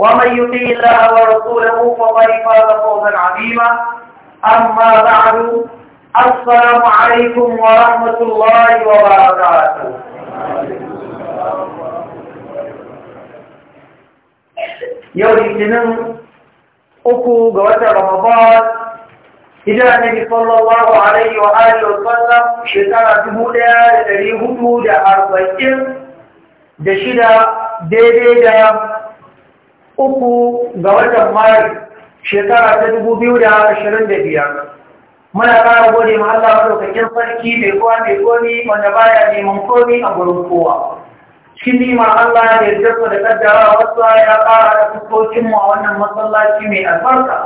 ومن يطيع الله ورسوله فقد فاز فوزا عظيما أما بعد السلام عليكم ورحمة الله وبركاته yau litinin uku ga watan ramadan hijira nabi sallallahu alaihi wa alihi wa sallam shekara dubu ɗaya da ɗari hudu da arba'in da shida daidai da uku ga watan maris shekara ta dubu biyu da ashirin da biyar muna ƙara gode ma Allah madaukakin sarki mai kowa mai komi wanda baya neman komi a gurin kowa cikin nima Allah da ya da kaddara wasu ya kara da mu a wannan masallaci mai albarka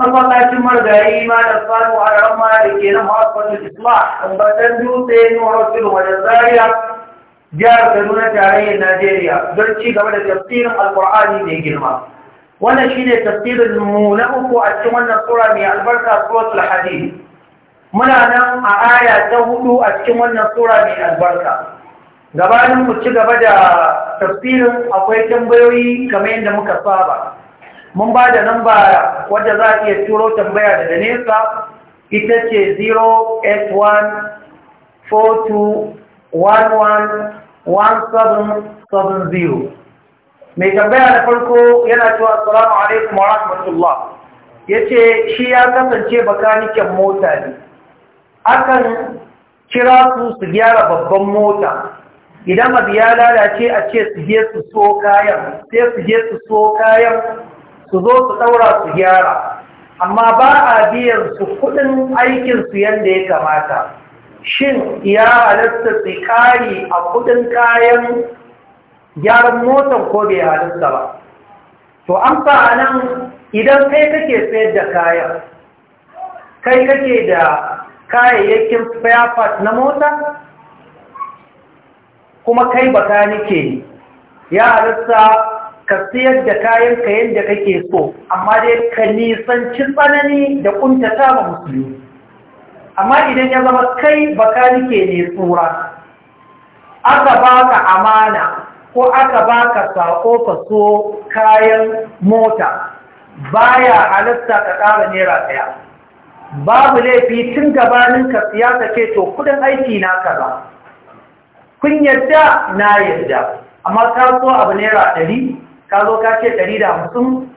masallacin margari ma da samu a ramma da ke nan kwanu islam ambatan dutse nuna wasu wajen zariya jihar kaduna tarayyar najeriya don ci gaba da tafsirin alkur'ani mai girma wannan shine tafsirin mu na uku a cikin wannan sura mai albarka suratul hadid muna nan a aya ta hudu a cikin wannan sura mai albarka gabanin mu ci gaba da tafsirin akwai tambayoyi kamar yadda muka saba mun ba da namba wadda za a iya turo tambaya daga nesa ita ce 081 4211 1770 mai tambaya da farko yana cewa assalamu alaikum wa rahmatullah yace shi ya kasance bakaniken mota ne akan kira su su gyara babban mota idan abu ya lalace a ce su je su so kayan sai su je su so kayan su zo su daura su gyara amma ba a biyan su kudin aikin su yanda ya kamata shin ya halatta tsikari a kudin kayan gyaran motar ko bai halatta ba to an a nan idan kai kake sayar da kayan kai kake da kayayyakin fayafat na mota kuma kai baka nike ya halatta ka sayar da kayan kayan da kake so amma dai ka nisan cin tsanani da kuntata ba musulmi amma idan ya zama kai baka nike ne tsura aka baka amana ko aka baka sako ka so kayan mota baya halitta ka ƙara naira ɗaya babu laifi tun gabanin ka siya ka ce to kudin aiki na kaza kun yadda na yadda amma ka so abu naira ɗari ka zo ka ce ɗari da hamsin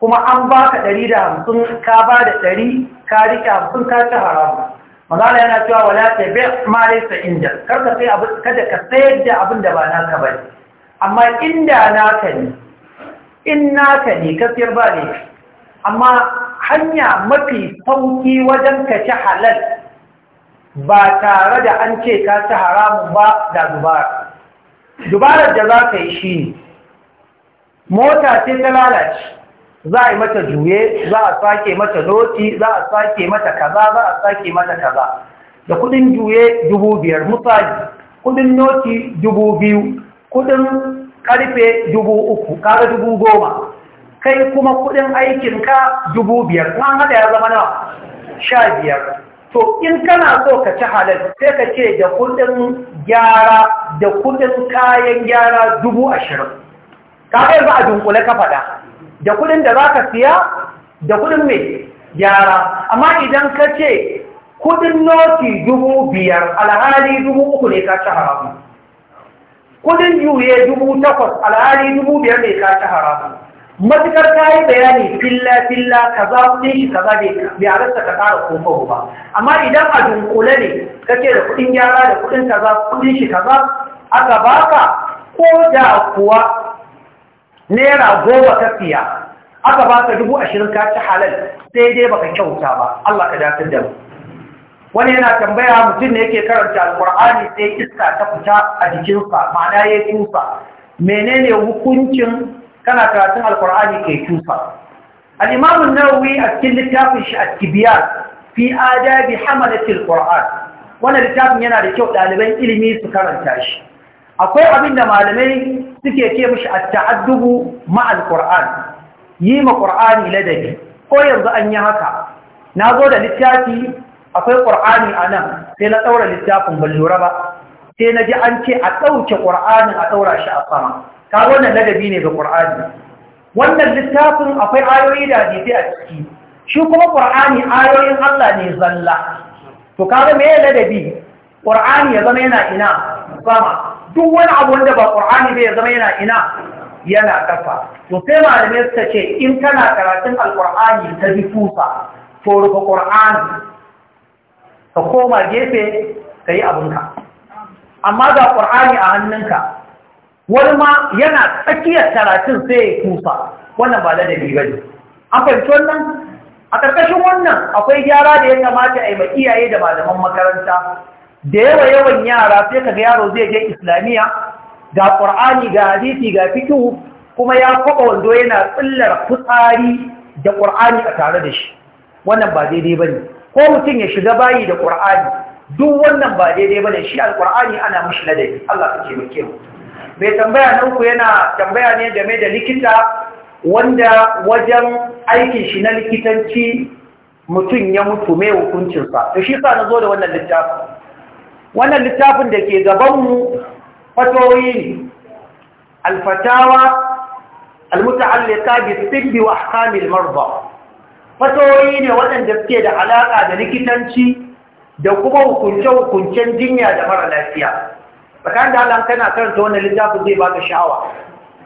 kuma an ba ka ɗari da hamsin ka ba da ɗari ka rike hamsin ka ci haramu magana yana cewa wala ta bi ma laysa inda karka sai abu kada ka sayar da abin da ba naka bane amma inda naka ne in naka ne ka sayar ba ne amma hanya mafi sauki wajen ka ci halal ba tare da an ce ka ci haramun ba da dubara dubarar da za ka yi shi ne mota ce ta lalace za a yi mata juye za a sake mata noti za a sake mata kaza za a sake mata kaza da kudin juye dubu biyar misali kudin noti dubu biyu kudin karfe dubu uku kada dubu goma kai kuma kudin aikinka dubu biyar an hada ya zama nawa sha biyar to in kana so ka ci halal sai ka ce da kudin gyara da kudin kayan gyara dubu ashirin kaga za a dunkule ka faɗa da kudin da za ka siya da kudin mai gyara amma idan ka ce kudin noti dubu biyar alhali dubu uku ne ka ci haramu kudin juye dubu takwas alhali dubu biyar ne ka ci haramu matukar ta yi bayani filla-filla ka za kudin shi ka za mai harasta ka ƙara kofahu ba amma idan a dunkule ne ka ce da kudin gyara da kudin ka za kudin shi ka za aka ka ko da kuwa naira goma ka aka ba ka dubu ashirin ka ci halal sai dai baka kyauta ba Allah ka dace da wani yana tambaya mutum ne yake karanta alkur'ani sai iska ta fita a jikinsa ma'ana ya tufa menene hukuncin kana karatun alkur'ani kai tufa al-imam an-nawawi a cikin littafin shi at-tibyan fi adabi hamalati quran wannan littafin yana da kyau ɗaliban ilimi su karanta shi akwai abin da malamai suke ce mashi a ta'addubu ma'al ƙur'an yi ma ƙur'ani ladabi ko yanzu an yi haka na zo da littafi akwai ƙur'ani a nan sai na ɗaura littafin ban ba sai na ji an ce a ɗauke ƙur'anin a ɗaura shi a sama Ta wannan ladabi ne ga ƙur'ani wannan littafin akwai ayoyi da hadisi a ciki shi kuma ƙur'ani ayoyin Allah ne zalla to kaga me ladabi ƙur'ani ya zama yana ina sama duk wani abu wanda ba ƙur'ani bai zama yana ina yana ƙafa. to sai malamai suka ce in kana karatun alƙur'ani ta bi tusa to rufe ƙur'ani ka koma gefe ka yi abinka amma ga ƙur'ani a hannunka wani ma yana tsakiyar karatun sai ya tusa wannan ba ladabi ba ne an fahimci wannan a ƙarƙashin wannan akwai gyara da ya kamata a yi ma iyaye da malaman makaranta da yawa yawan yara sai ga yaro zai je islamiyya ga Al-ƙur'ani, ga hadisi ga fikihu kuma ya kwaba wando yana tsillar fitsari da qur'ani a tare da shi wannan ba daidai bane ko mutum ya shiga bayi da qur'ani duk wannan ba daidai bane shi alqur'ani ana mishi ladabi Allah ka taimake mu mai tambaya na uku yana tambaya ne game da likita wanda wajen aikin shi na likitanci mutum ya mutu mai hukuncinsa to shi sa na zo da wannan littafin wannan littafin da ke gabanmu fatoyi ne alfatawa almuta'allika bi tibbi wa ahkamil marba fatoyi ne waɗanda suke da alaƙa da likitanci da kuma hukunce-hukuncen jinya da mara lafiya Bakan da Allah kana ta wannan littafin zai baka sha'awa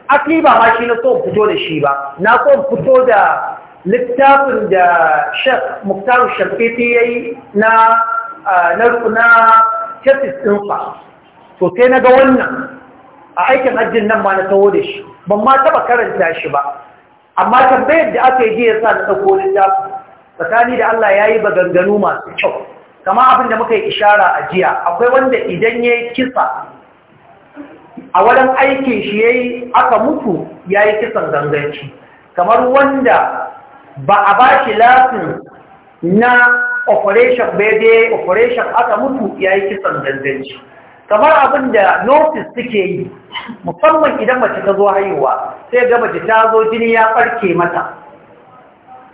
asli ba ma shi na so fito da shi ba na so fito da littafin da Sheikh Muktar Shafiti yayi ah, na na ɗin fa, to sai na ga wannan a aikin ajin nan ma na tawo da shi ban ma taɓa karanta shi ba amma tambayar da aka yi ya sa na ɗauko littafi tsakani da Allah ya yi ganganu masu kyau kama abin da muka yi ishara a jiya akwai wanda idan ya yi kisa a wajen aikin shi ya yi aka mutu ya yi kisan ganganci kamar wanda ba a ba shi lafin na operation bebe operation aka mutu ya yi kisan dandanci kamar abin da notice suke yi musamman idan mace ta zo haihuwa sai ga mace ta zo jini ya farke mata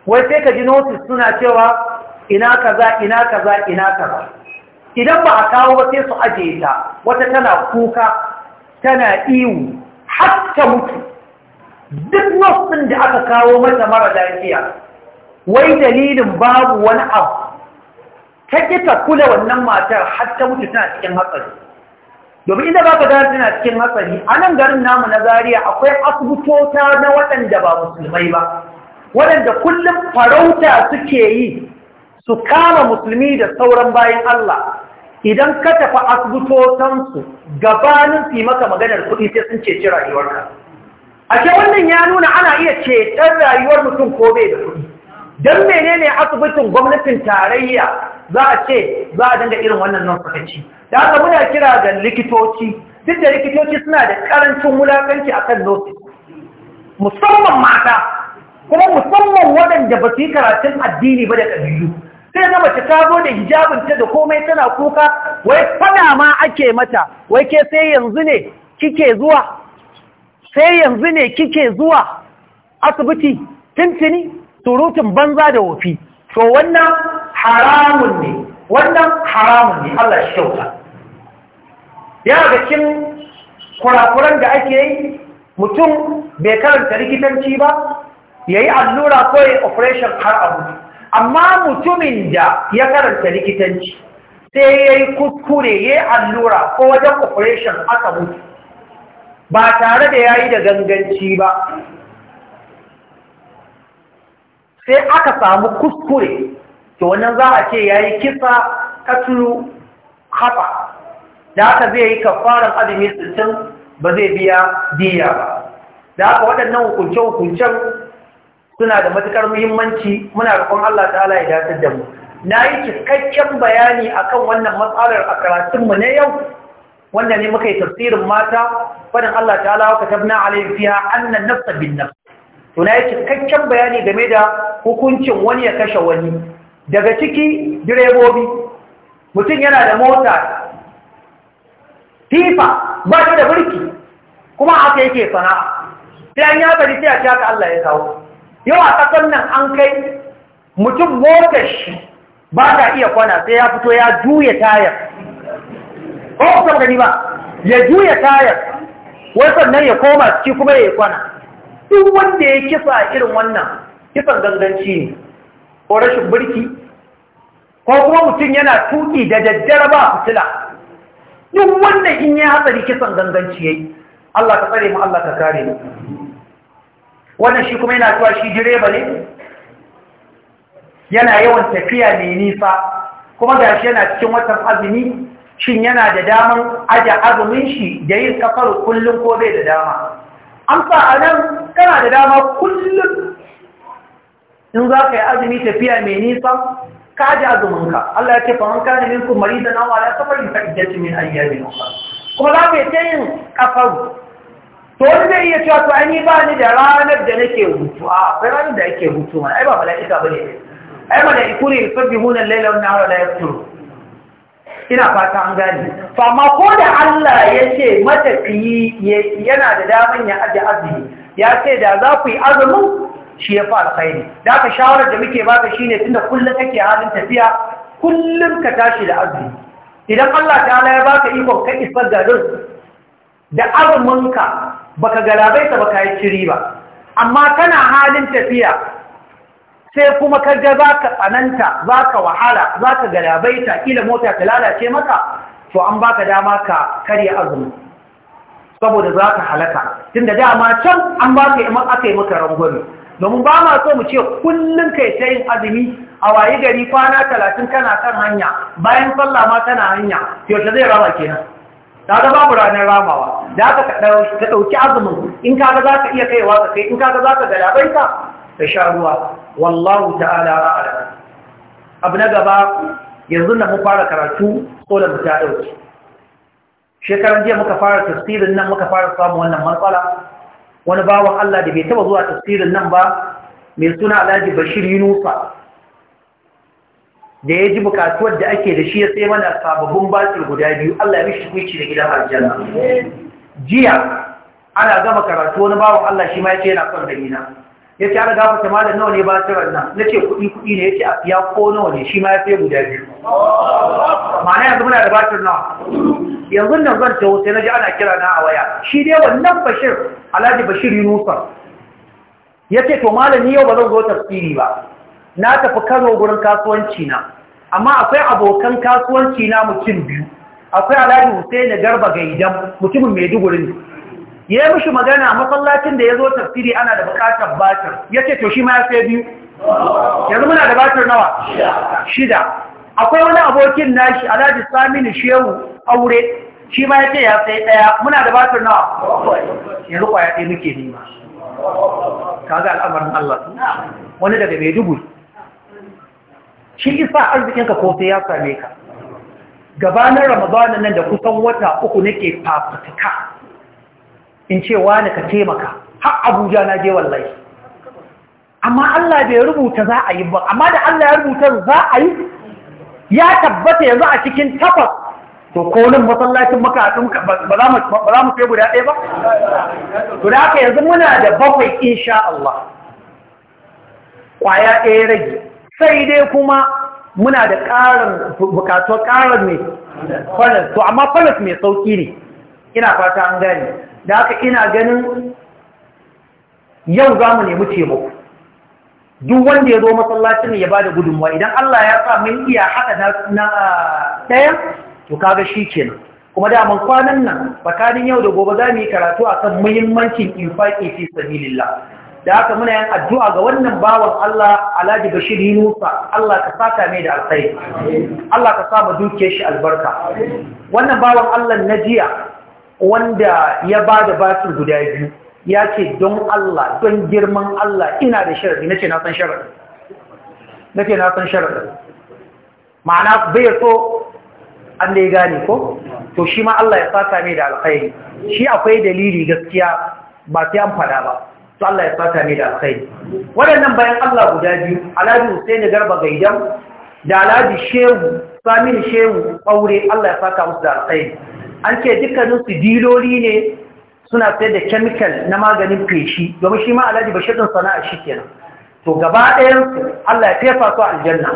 wai sai ka ji notice suna cewa ina kaza ina kaza ina kaza idan ba a kawo ba sai su ajiye ta wata tana kuka tana iwu har ta mutu duk notice da aka kawo mata mara lafiya wai dalilin babu wani abu ta kita kula wannan matar har ta mutu tana cikin hatsari domin inda ba ka gane tana cikin hatsari a nan garin namu na Zariya akwai asibitota na waɗanda ba musulmai ba waɗanda kullum farauta suke yi su kama musulmi da sauran bayan Allah idan ka tafi asibitotansu gabanin su maka maganar kuɗi sai sun ceci rayuwarka ashe wannan ya nuna ana iya ceton rayuwar mutum ko bai da kuɗi don menene asibitin gwamnatin tarayya za a ce za a dinga irin wannan nan sakaci da aka muna kira ga likitoci duk da likitoci suna da karancin wulakanci a kan nosi musamman mata kuma musamman waɗanda ba su yi karatun addini ba da ƙabilu sai na mace ta zo da ta da komai tana kuka wai faɗa ma ake mata wai ke sai yanzu ne kike zuwa sai yanzu ne kike zuwa asibiti tuntuni surutun banza da wofi to wannan haramun ne wannan haramun ne Allah shi kyauta ya ga cikin kurakuran da ake yi mutum bai karanta likitanci ba ya yi allura ko ya operation har abu amma mutumin da ya karanta likitanci sai ya yi kuskure ya yi allura ko wajen operation aka mutu ba tare da ya yi da ganganci ba sai aka samu kuskure to wannan za a ce ya yi kisa katulu khata da haka zai yi kafaran azumi sittin ba zai biya diya ba da haka waɗannan hukunce hukuncen suna da matukar muhimmanci muna roƙon Allah ta'ala ya dace da mu na yi cikakken bayani akan wannan matsalar a karatunmu na yau wanda ne muka yi tafsirin mata faɗin Allah ta'ala wa katabna alaifiya annan anna nafsa bin Suna yi cikakken bayani game da hukuncin wani ya kashe wani daga ciki direbobi mutum yana da mota tifa ba shi da birki kuma haka yake sana sai an ya bari sai a Allah ya kawo yau a ƙasar nan an kai mutum motar shi ba ta iya kwana sai ya fito ya juya tayar Ba ba ya juya tayar wasan nan ya koma ciki kuma ya kwana duk wanda ya kisa irin wannan kisan ganganci ne ko rashin birki ko kuma mutum yana tuki da daddare ba fitila duk wanda in ya hatsari kisan ganganci yayi Allah ka tsare mu Allah ka kare mu wannan shi kuma yana zuwa shi direba ne yana yawan tafiya mai nisa kuma gashi yana cikin watan azumi shin yana da daman aje azumin shi da yin kafar kullum ko bai da dama amsa a nan kana da dama kullum in za ka yi azumi tafiya mai nisa ka ji azuminka Allah ya ce fa man kana minkum maridan aw ala safarin fa iddatu min ayyamin ukhra kuma za ka yi ta yin kafaru to wani zai iya cewa to ai ba ni da ranar da nake hutu a akwai ranar da ake hutu mana ai ba mala'ika bane ai mala'iku ne yusabbihuna al-laila wan nahara ya yafturun ina fata an gani fama ko da Allah ya ce matafiyi yana da daman ya ajiye azumi ya ce da za ku yi azumin shi ya fi alkhairi da aka shawarar da muke baka shine tunda kullum kake halin tafiya kullum ka tashi da azumi idan Allah ta'ala ya baka ikon ka isar garin da ka baka galabaita baka yi ciri ba amma kana halin tafiya sai kuma kaga zaka za ka tsananta za ka wahala za ka galabaita kila mota ta lalace maka to an baka dama ka karya azumi saboda za ka halaka tunda dama can an baka yi aka yi maka rangwami domin ba ma so mu ce kullum kai ta yin azumi a wayi gari kwana talatin kana kan hanya bayan sallah ma tana hanya ta zai rama kenan ga babu ranar ramawa da aka ka ɗauki azumin in kaga za ka iya kaiwa ka kai in kaga za ka galabaita ka sha ruwa wallahu ta'ala a'lam abu na gaba yanzu na mu fara karatu ko ta shekaran jiya muka fara tafsirin nan muka fara samu wannan matsala wani bawan Allah da bai taba zuwa tafsirin nan ba mai suna Alhaji Bashir Yunusa da ya ji bukatuwar da ake da shi ya sai mana sababbin batir guda biyu Allah ya mishi kuici da gidan aljanna jiya ana gama karatu wani bawan Allah shi ma ya ce yana son dalina ya ce ana gafata ma da nawa ne ba ta nan na ce kuɗi kuɗi ne ya ce a fiya ko nawa ne shi ma ya fiye guda biyu ma'ana yanzu muna da ta nawa yanzu nan zan ta wuce na ji ana kira na a waya shi dai wannan bashir alhaji bashir yunusa ya ce to malam ni yau ba zan zo tafsiri ba na tafi kano gurin kasuwanci na amma akwai abokan kasuwanci na mutum biyu akwai alhaji hussein garba gaidan mutumin maiduguri ne ya yi mishi magana masallacin da ya zo tafsiri ana da bukatar batir ya ce to shi ma ya sai biyu yanzu muna da batir nawa shida akwai wani abokin nashi alhaji saminu shehu aure shi ma ya ce ya sai daya muna da batir nawa yanzu kwaya ɗaya muke nema kaga al'amarin Allah wani daga dubu shi isa arzikinka ko sai ya same ka gabanin ramadanin nan da kusan wata uku nake fafutuka in ce wani ka taimaka har abuja na je wallahi amma Allah bai rubuta za a yi ba amma da Allah ya rubuta za a yi ya tabbata yanzu a cikin takwas to ko nan masallacin ba za mu sai guda ɗaya ba to da haka yanzu muna da bakwai insha Allah ƙwaya ɗaya rage sai dai kuma muna da ƙarin bukatuwar ƙarin ne falas to amma falas mai sauƙi ne ina fata an gani da haka ina ganin yau za mu nemi taimako duk wanda ya zo masallacin ya ba da gudunmuwa idan Allah ya sa mun iya haɗa na ɗaya to kaga shi kenan kuma da mun kwanan nan tsakanin yau da gobe za mu yi karatu akan muhimmancin infaqi fi sabilillah da haka muna yin addu'a ga wannan bawan Allah Alhaji Bashir Yunusa Allah ka saka mai da alkhairi Allah ka saba dukiyar shi albarka wannan bawan Allah na jiya wanda ya ba da basir guda biyu ya ce don Allah don girman Allah ina da sharadi na ce nasan san sharadi na ce nasan san ma'ana bai so an da ya gani ko to shi ma Allah ya sata mai da alkhairi shi akwai dalili gaskiya ba sai an fada ba to Allah ya sata mai da alkhairi waɗannan bayan Allah guda biyu Alhaji Hussein Garba Gaidan da Alhaji Shehu sami Shehu Aure Allah ya saka musu da alkhairi an ce dukkaninsu diloli ne suna sayar da kemikal na maganin feshi domin shi ma alhaji bashirin sana'a shi kenan to gaba ɗayansu Allah ya fefa su aljanna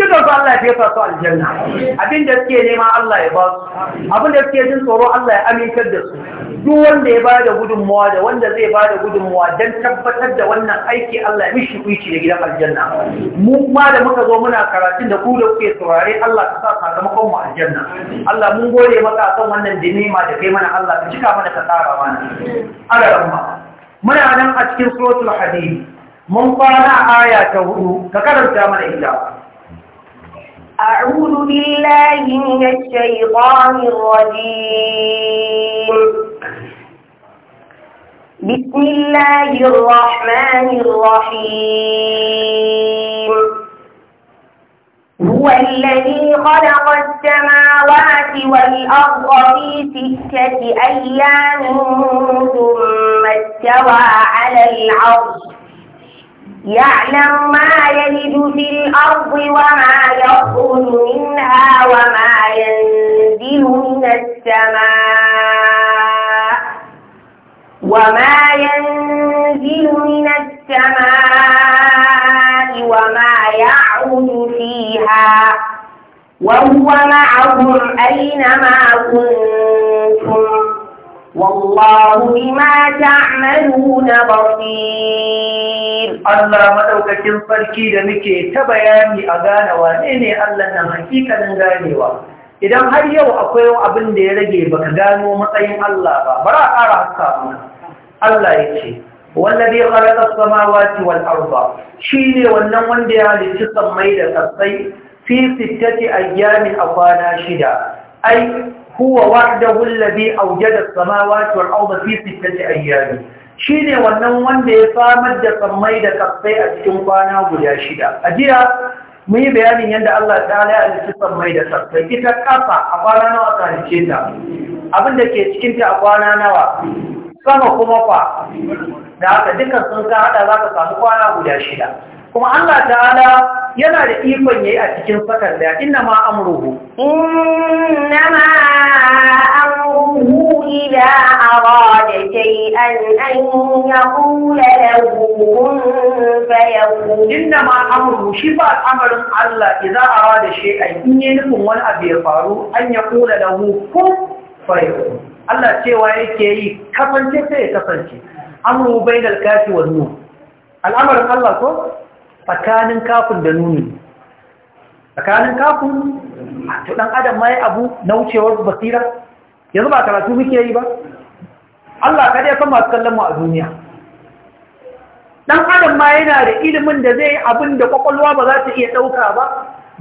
su Allah ya fefa su aljanna abinda suke nema Allah ya ba su abinda suke jin tsoro Allah ya amintar da su duk wanda ya bada gudunmuwa da wanda zai bada gudunmuwa don tabbatar da wannan aiki Allah ya mishi kuici da gidan aljanna mu ma da muka zo muna karatun da ku da kuke saurare Allah ka sa sakamakon mu aljanna Allah mun gode maka kan wannan dinima da kai mana Allah ka cika mana ka tsara mana ala muna nan a cikin suratul hadid mun fara aya ta hudu ka karanta mana ita أعوذ بالله من الشيطان الرجيم بسم الله الرحمن الرحيم هو الذي خلق السماوات والأرض في ستة أيام ثم استوى على العرش يعلم ما يلد في الأرض وما يخرج منها وما ينزل من السماء وما ينزل من السماء وما يعود فيها وهو معهم أينما كنتم والله بما تعملون بصير الله madaukakin sarki da muke ta bayani a gane wanene ne hakikanin ganewa idan har yau akwai abin da ya rage baka gano matsayin Allah ba bara ƙara haska mana Allah ya ce wallazi khalaqa as-samawati wal arda shine wannan wanda ya halicci sammai da kasai fi sittati ayyamin a kwana shida ai huwa wahdahu alladhi awjada as-samawati wal arda fi sittati ayyam shine wannan wanda ya samar da sammai da kasai a cikin kwana guda shida a jiya mun yi bayanin yadda Allah ta ya halitta sammai da kasai ita kafa a kwana nawa ka halice ta abin da ke cikin ta a kwana nawa sama kuma fa da haka dukkan sun ka hada za ka samu kwana guda shida kuma Allah ta'ala yana da ikon yayi a cikin sakar da inna ma amruhu inna ma amruhu idza arada shay'an an yaqula lahu kun fayakun inna ma amruhu shi ba amarin Allah idza arada shay'an in yi nufin wani abu ya faru an yaqula lahu kun fayakun Allah cewa yake yi kafance sai ya kafance amru bainal kafi wal nur al'amarin Allah ko tsakanin kafin da nuni tsakanin kafin to dan adam mai abu na wucewar basira yanzu ba karatu muke yi ba Allah kada ya san masu kallon mu a duniya dan adam ma yana da ilimin da zai abin da kwakwalwa ba za ta iya ɗauka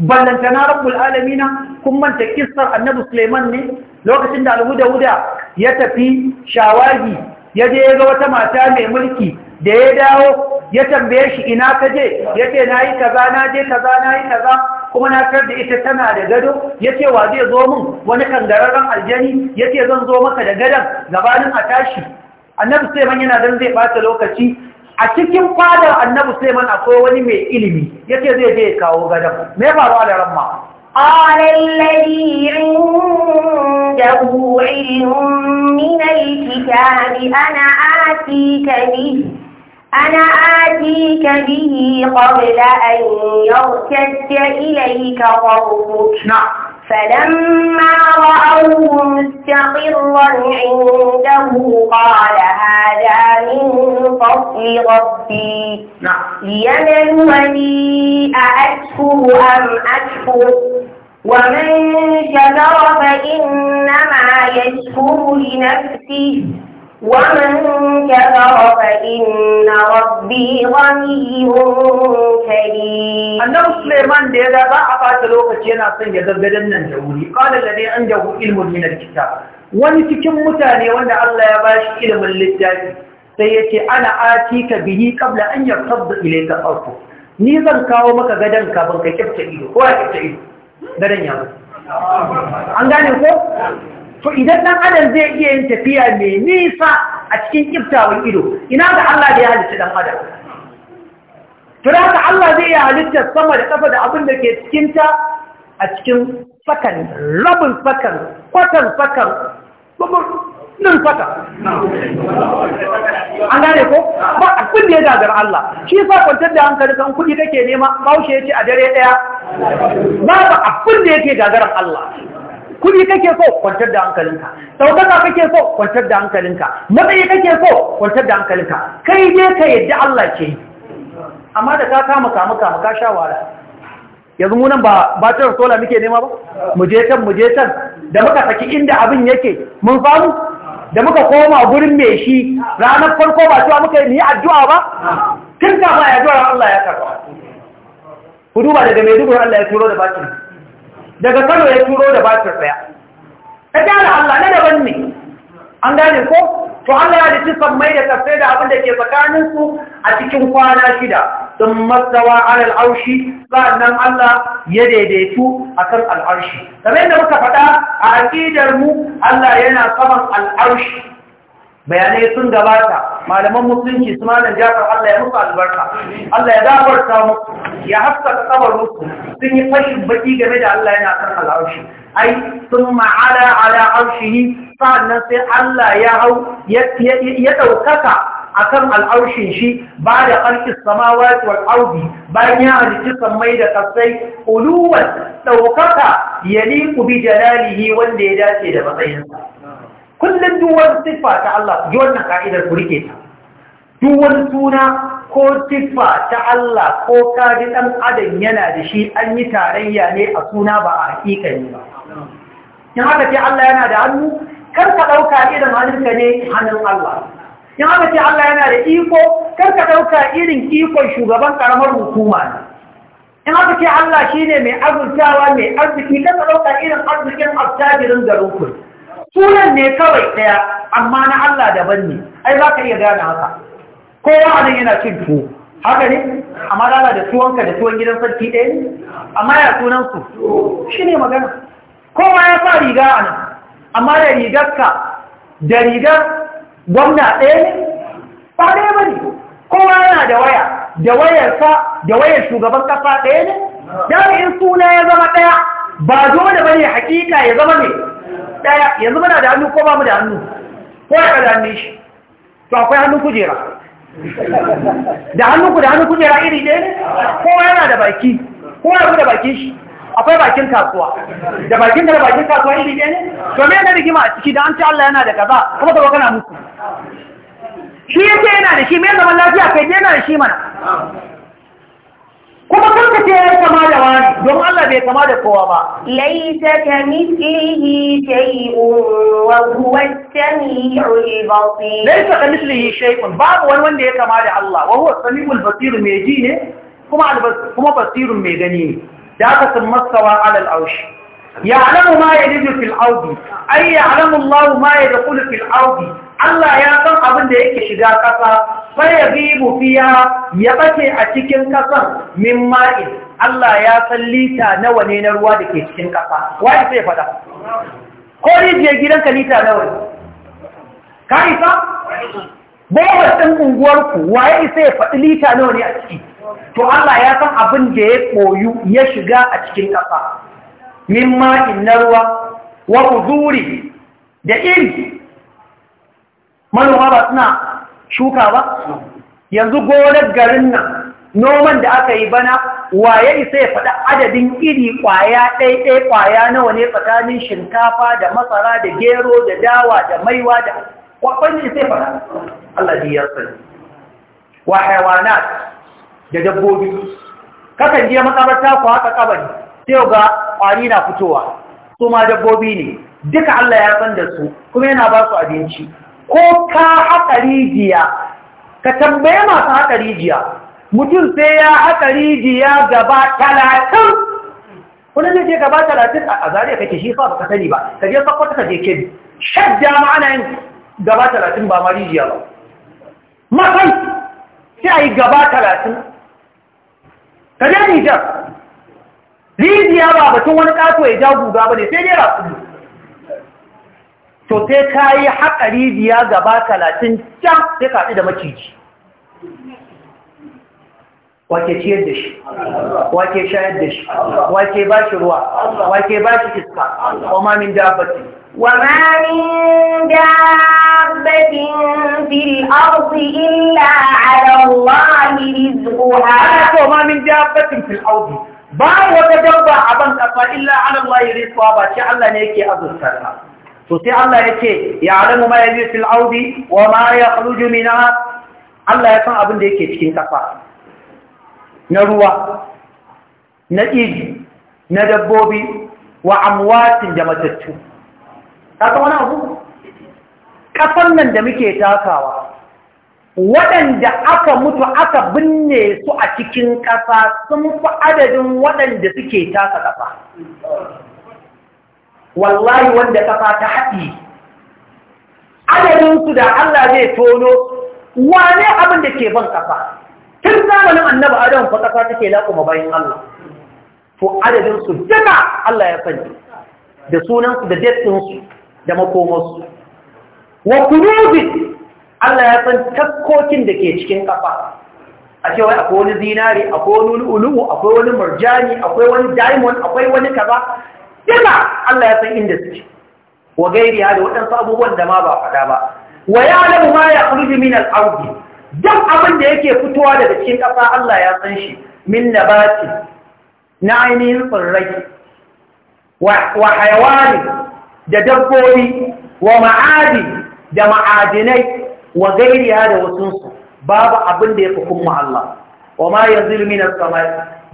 ba na rabbul alamina kun manta kissar annabi Suleiman ne lokacin da alhuda huda ya tafi shawagi ya je ya ga wata mata mai mulki da ya dawo ya tambaye shi ina ka je ya ce na yi kaza na je kaza na yi kaza kuma na tar da ita tana da gado ya ce wa zai zo min wani kangararren aljani ya ce zan zo maka da gadon gabanin a tashi annabi suleiman yana don zai bata lokaci a cikin fadar annabi suleiman akwai wani mai ilimi ya ce zai je kawo gadon me faruwa da ramma قال الذي عنده علم من الكتاب أنا آتيك به أنا آتيك به قبل أن يرتد إليك طرفك نعم فلما رأوه مستقرا عنده قال هذا من فضل ربي نعم ليبلوني أأشكر أم أشكر ومن شكر فإنما يشكر لنفسه ومن كفر فإن ربي غني كريم النبي سليمان ده ده بقى فات لوكاci yana son ya ga gadon nan da wuri qala alladhi anjahu ilmun min alkitab wani cikin mutane wanda Allah ya bashi ilimin littafi sai yace ana atika bihi qabla an yartad ilayka tarfu ni zan kawo maka gadan kafin ka kifta ido gane ko to idan dan adam zai iya yin tafiya mai nisa a cikin kiftawar ido ina ga Allah da ya halitta dan adam kira ka Allah zai iya halitta sama da kafa da abin da ke cikin ta a cikin sakan rabin sakan kwatan sakan nan fata an gane ko ba abin da ya gagar Allah shi sa kwantar da hankali kan kuɗi kake nema baushe ya ce a dare ɗaya ba ba abin da yake gagarar Allah kuɗi kake so kwantar da hankalinka Saukaka kake so kwantar da hankalinka matsayi kake so kwantar da hankalinka kai ne ka yadda Allah ke amma da ka kama kama kama ka sha wala yanzu nan ba batar sola muke nema ba mu je can mu je can da muka saki inda abin yake mun famu da muka koma gurin me shi ranar farko ba cewa muka yi addu'a ba tun kafa ya zuwa Allah ya karba ku duba daga mai dubu Allah ya turo da bakin daga kano ya turo da batir daya ta jana Allah na daban ne an gane ko to Allah ya ci sammai da kasai da abin da ke tsakanin su a cikin kwana shida sun matsawa alal arshi sannan Allah ya daidaitu akan al'arshi kamar yadda muka faɗa a aqidar mu Allah yana saman al'arshi bayanai sun gabata malaman musulunci su malam jafar Allah ya musu albarka Allah ya gafarta musu ya tsabar kabarinsu sun yi fashin baki game da Allah yana kan al'arshi ai sun ma'ala ala arshihi sa'annan sai Allah ya hau ya ɗaukaka kan al'aushin shi ba da ƙarfis samawati wal bayan ya halitta sammai da kasai uluwan ɗaukaka ya liku bi jalalihi wanda ya dace da matsayinsa kullum duk wani siffa ta Allah ji wannan ka'idar ku rike ta duk wani suna ko siffa ta Allah ko kaji ɗan adam yana da shi an yi tarayya ne a suna ba a hakikani ba in haka ce Allah yana da hannu kar ka ɗauka irin hannunka ne hannun Allah in haka ce Allah yana da iko kar ka ɗauka irin ikon shugaban ƙaramar hukuma ne in aka ce Allah shi ne mai azurtawa mai arziki ta ɗauka irin arzikin abtajirin garin ku sunan ne kawai ɗaya amma na Allah daban ne ai za ka iya gane haka kowa a nan yana cin tuwo haka ne amma dala da tuwonka da tuwon gidan sarki ɗaya ne amma ya sunansu shi ne magana kowa ya sa riga a nan amma da rigarka da rigar gwamna ɗaya ne ba ɗaya ba ne kowa yana da waya da wayarsa da wayar shugaban kafa ɗaya ne da in suna ya zama ɗaya ba dole ba ne hakika ya zama ne daya yanzu muna da hannu ko ba mu da hannu ko ya da hannun shi to akwai hannun kujera da hannun ku da hannun kujera iri ne kowa yana da baki kowa yana da baki shi akwai bakin kasuwa da bakin da bakin kasuwa iri ne to me ne rigima a ciki da an ci Allah yana da kaza kuma ka kana musu shi yake yana da shi me zaman lafiya kai yana da shi mana kuma kanka ce ya kama da wani don Allah bai kama da kowa ba laisa ka mislihi shay'un wa huwa as-sami'ul basir laisa ka mislihi shay'un babu wani wanda ya kama da Allah wa huwa as-sami'ul basir mai ji ne kuma kuma basirun mai gani ne da aka sun masawa alal aushi ya'lamu ma yajidu fil audi ay ya'lamu Allah ma yadkhulu fil audi Allah ya san abin da yake shiga ƙasa, sai ya zibu fiya ya ɓace a cikin ƙasar min ma'in, Allah ya san lita nawa ne na ruwa da ke cikin ƙasa, wani sai faɗa. Ko rijiyar gidanka lita nawa ne? Ka isa? Bawar ɗin unguwarku, waye isa ya faɗi lita nawa ne a ciki? To Allah ya san abin da ya koyu ya shiga a cikin ƙasa, min ma'in na ruwa, wa uzuri da iri manoma ba suna shuka ba yanzu gonar garin nan noman da aka yi bana waye isa ya faɗa adadin iri ƙwaya ɗaiɗai ƙwaya nawa ne tsakanin shinkafa da masara da gero da dawa da maiwa da kwakwani isa ya faɗa Allah biyar sani wa haiwanat da dabbobi kakan je makabarta ku haka kabari sai ga ƙwari na fitowa su ma dabbobi ne duka Allah ya san da su kuma yana ba su abinci ko ka haƙa rijiya ka tambaye masu haƙa rijiya mutum sai ya haƙa rijiya gaba talatin wani ne je gaba talatin a zariya kake shi fa baka sani ba ka je sakwata ka je kebi shadda ma'ana yin gaba talatin ba ma rijiya ba masai sai a yi gaba talatin ka je nijar rijiya ba batun wani ƙato ya ja guga ba ne sai dai rasu to sai ka yi haƙari biya gaba talatin can sai kaɗi da maciji wake ciyar da shi wake shayar da shi wake ba shi ruwa wake ba shi iska wa ma min dabbati wa ma dabbatin fil ardi illa ala allahi rizquha wa ma min dabbatin fil ardi ba wata dabba a ban kafa illa ala allahi rizquha ba ce Allah ne yake azurta ta. to sai Allah ya ce ya alamu ma yaji fil audi wa ma ya khruju minha Allah ya san abin da yake cikin kafa na ruwa na iji na dabbobi wa amwatin da matattu kaga wani abu kafan nan da muke takawa waɗanda aka mutu aka binne su a cikin ƙasa sun fi adadin waɗanda suke taka ƙasa wallahi wanda kafa ta haɗi adadinsu da Allah zai tono wane abin da ke ban ƙafa? tun zamanin annaba adam fa take laƙuma bayan Allah to adadinsu daga Allah ya sani da sunansu da datinsu da makomarsu wa Allah ya san takkokin da ke cikin ƙafa. a ce wai akwai wani zinari akwai wani ulu'u akwai wani murjani akwai wani diamond akwai wani kaba. yana Allah ya san inda suke wa gairi da waɗansu abubuwan da ma ba faɗa ba wa ya alamu ma ya kuruji min al'audi Don abin da yake fitowa daga cikin ƙasa Allah ya san shi min nabati na ainihin tsirrai wa hayawani da dabbobi wa ma'adi da ma'adinai wa gairi da wasunsu babu abin da ya fi kuma Allah wa ma yanzu min as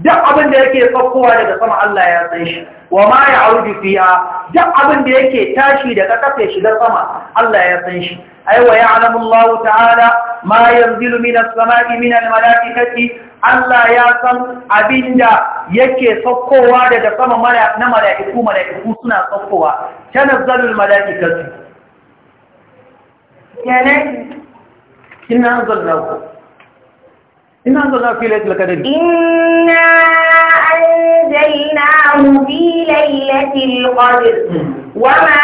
Don abin da yake tsakkowa daga sama Allah ya san shi wa ma ya auju fiya duk abin da yake tashi daga kafe da sama Allah ya san shi aiwa ya alamullahu ta'ala ma yanzilu minas sama'i minal mala'ikati Allah ya san abinda yake saukowa daga sama na mala'iku mala'iku suna saukowa tanazzalul mala'ikatu kenan kinna anzalnahu إن أنزلنا في ليلة القدر إنا أنزلناه في ليلة القدر وما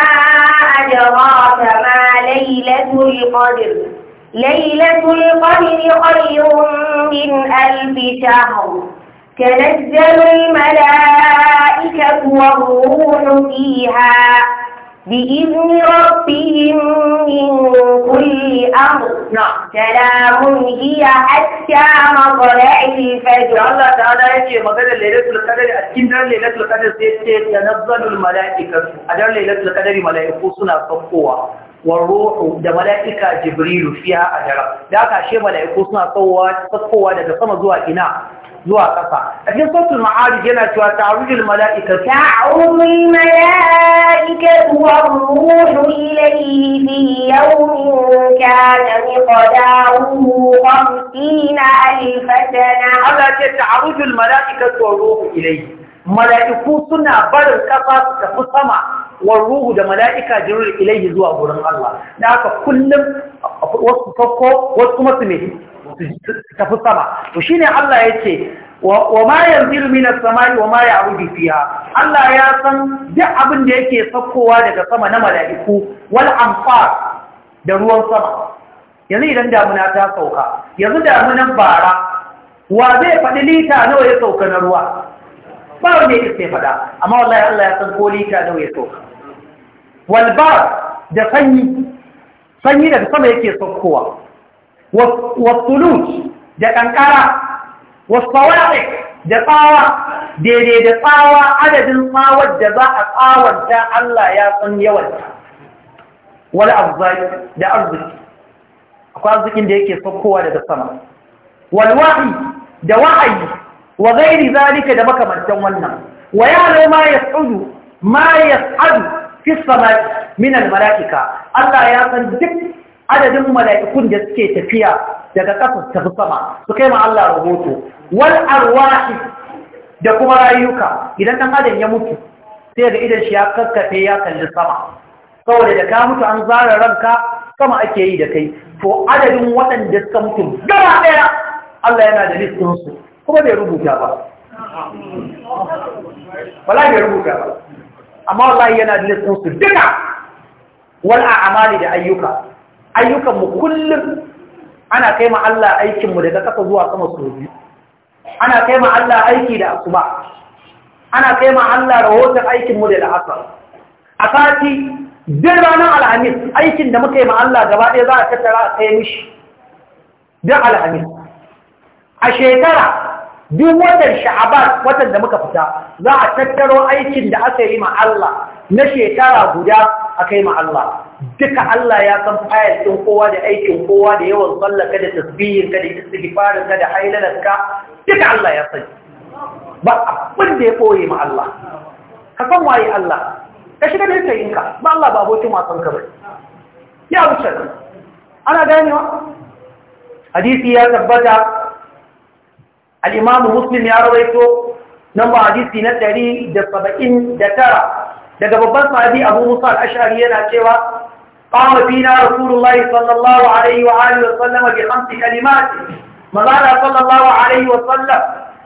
أدراك ما ليلة القدر ليلة القدر خير من ألف شهر تنزل الملائكة والروح فيها بإذن ربهم من كل أمر نعم. سلام هي حتى مطلع الفجر الله تعالى يجي مطلع ليلة القدر دار ليلة القدر سيتي تنزل الملائكة أدار ليلة القدر ملائكة سنة فقوة والروح ده ملائكة جبريل فيها a daren da ملائكة سنة فقوة فقوة ده daga sama zuwa zuwa ƙasa a cikin sautul ma'arij yana cewa ta'arujul mala'ika ta'arujul mala'ika wa ruhu ilayhi fi yawmin kana miqdaruhu 50 alf sana Allah ce ta'arujul mala'ika wa ruhu ilayhi mala'iku suna barin ƙasa su tafi sama wa ruhu da mala'ika jirul ilayhi zuwa gurin Allah da haka kullum wasu fakko wasu kuma su ne tafi sama to shine Allah ya ce wa ma yanzilu minas samai wa ma ya'udu fiya Allah ya san duk abin da yake sakkowa daga sama na mala'iku wal amfar da ruwan sama yanzu idan damuna ta sauka yanzu damunan bara wa zai faɗi lita nawa ya sauka na ruwa ba wanda ya sai faɗa amma wallahi Allah ya san ko lita nawa ya sauka wal bar da sanyi sanyi daga sama yake saukowa والثلوج da ƙanƙara wasawaɗe da tsawa daidai da tsawa adadin tsawar da za a tsawanta Allah ya san yawanta wani arziki da arziki akwai arzikin da yake saukowa daga sama walwa'i da wa'ayi wa gairi zalika da makamantan wannan wa yaro ma ya tsudu ma ya tsadu fi sama min almalakika Allah ya san duk adadin mala'ikun da suke tafiya daga ƙasa tafi sama su kai ma Allah rahoto wal da kuma rayuka idan ɗan adam ya mutu sai ga idan shi ya kakkafe ya kalli sama saboda da ka mutu an zara ranka sama ake yi da kai to adadin waɗanda suka mutu gaba ɗaya Allah yana da listinsu kuma bai rubuta ba wala bai rubuta ba amma wallahi yana da listinsu duka wal a'amali da ayyuka ayyukanmu kullum ana kai ma Allah aikinmu daga ƙasa zuwa sama su biyu ana kai ma Allah aiki da asuba ana kai ma Allah rahoton aikinmu da la'asar a sati duk ranar alhamis aikin da muka yi ma Allah gaba ɗaya za a tattara a kai mishi duk alhamis a shekara duk watan sha'aban watan da muka fita za a tattaro aikin da aka yi ma Allah na shekara guda a kai ma Allah duka Allah ya san fayar ɗin kowa da aikin kowa da yawan tsallaka da tasbihinka da istighfarinka da hailalarka duka Allah ya sani ba abin da ya koye ma Allah ka san waye Allah ka shiga da yinka ba Allah ba abokin wasan ka bai ya wuce ana ganewa hadisi ya tabbata al-Imam Muslim ya rawaito nan ba hadisi na 179 daga babban sahabi abu musa al-ashari yana cewa qama bina rasulullahi sallallahu alaihi wa alihi wa bi khamsi kalimat sallallahu alaihi wa sallam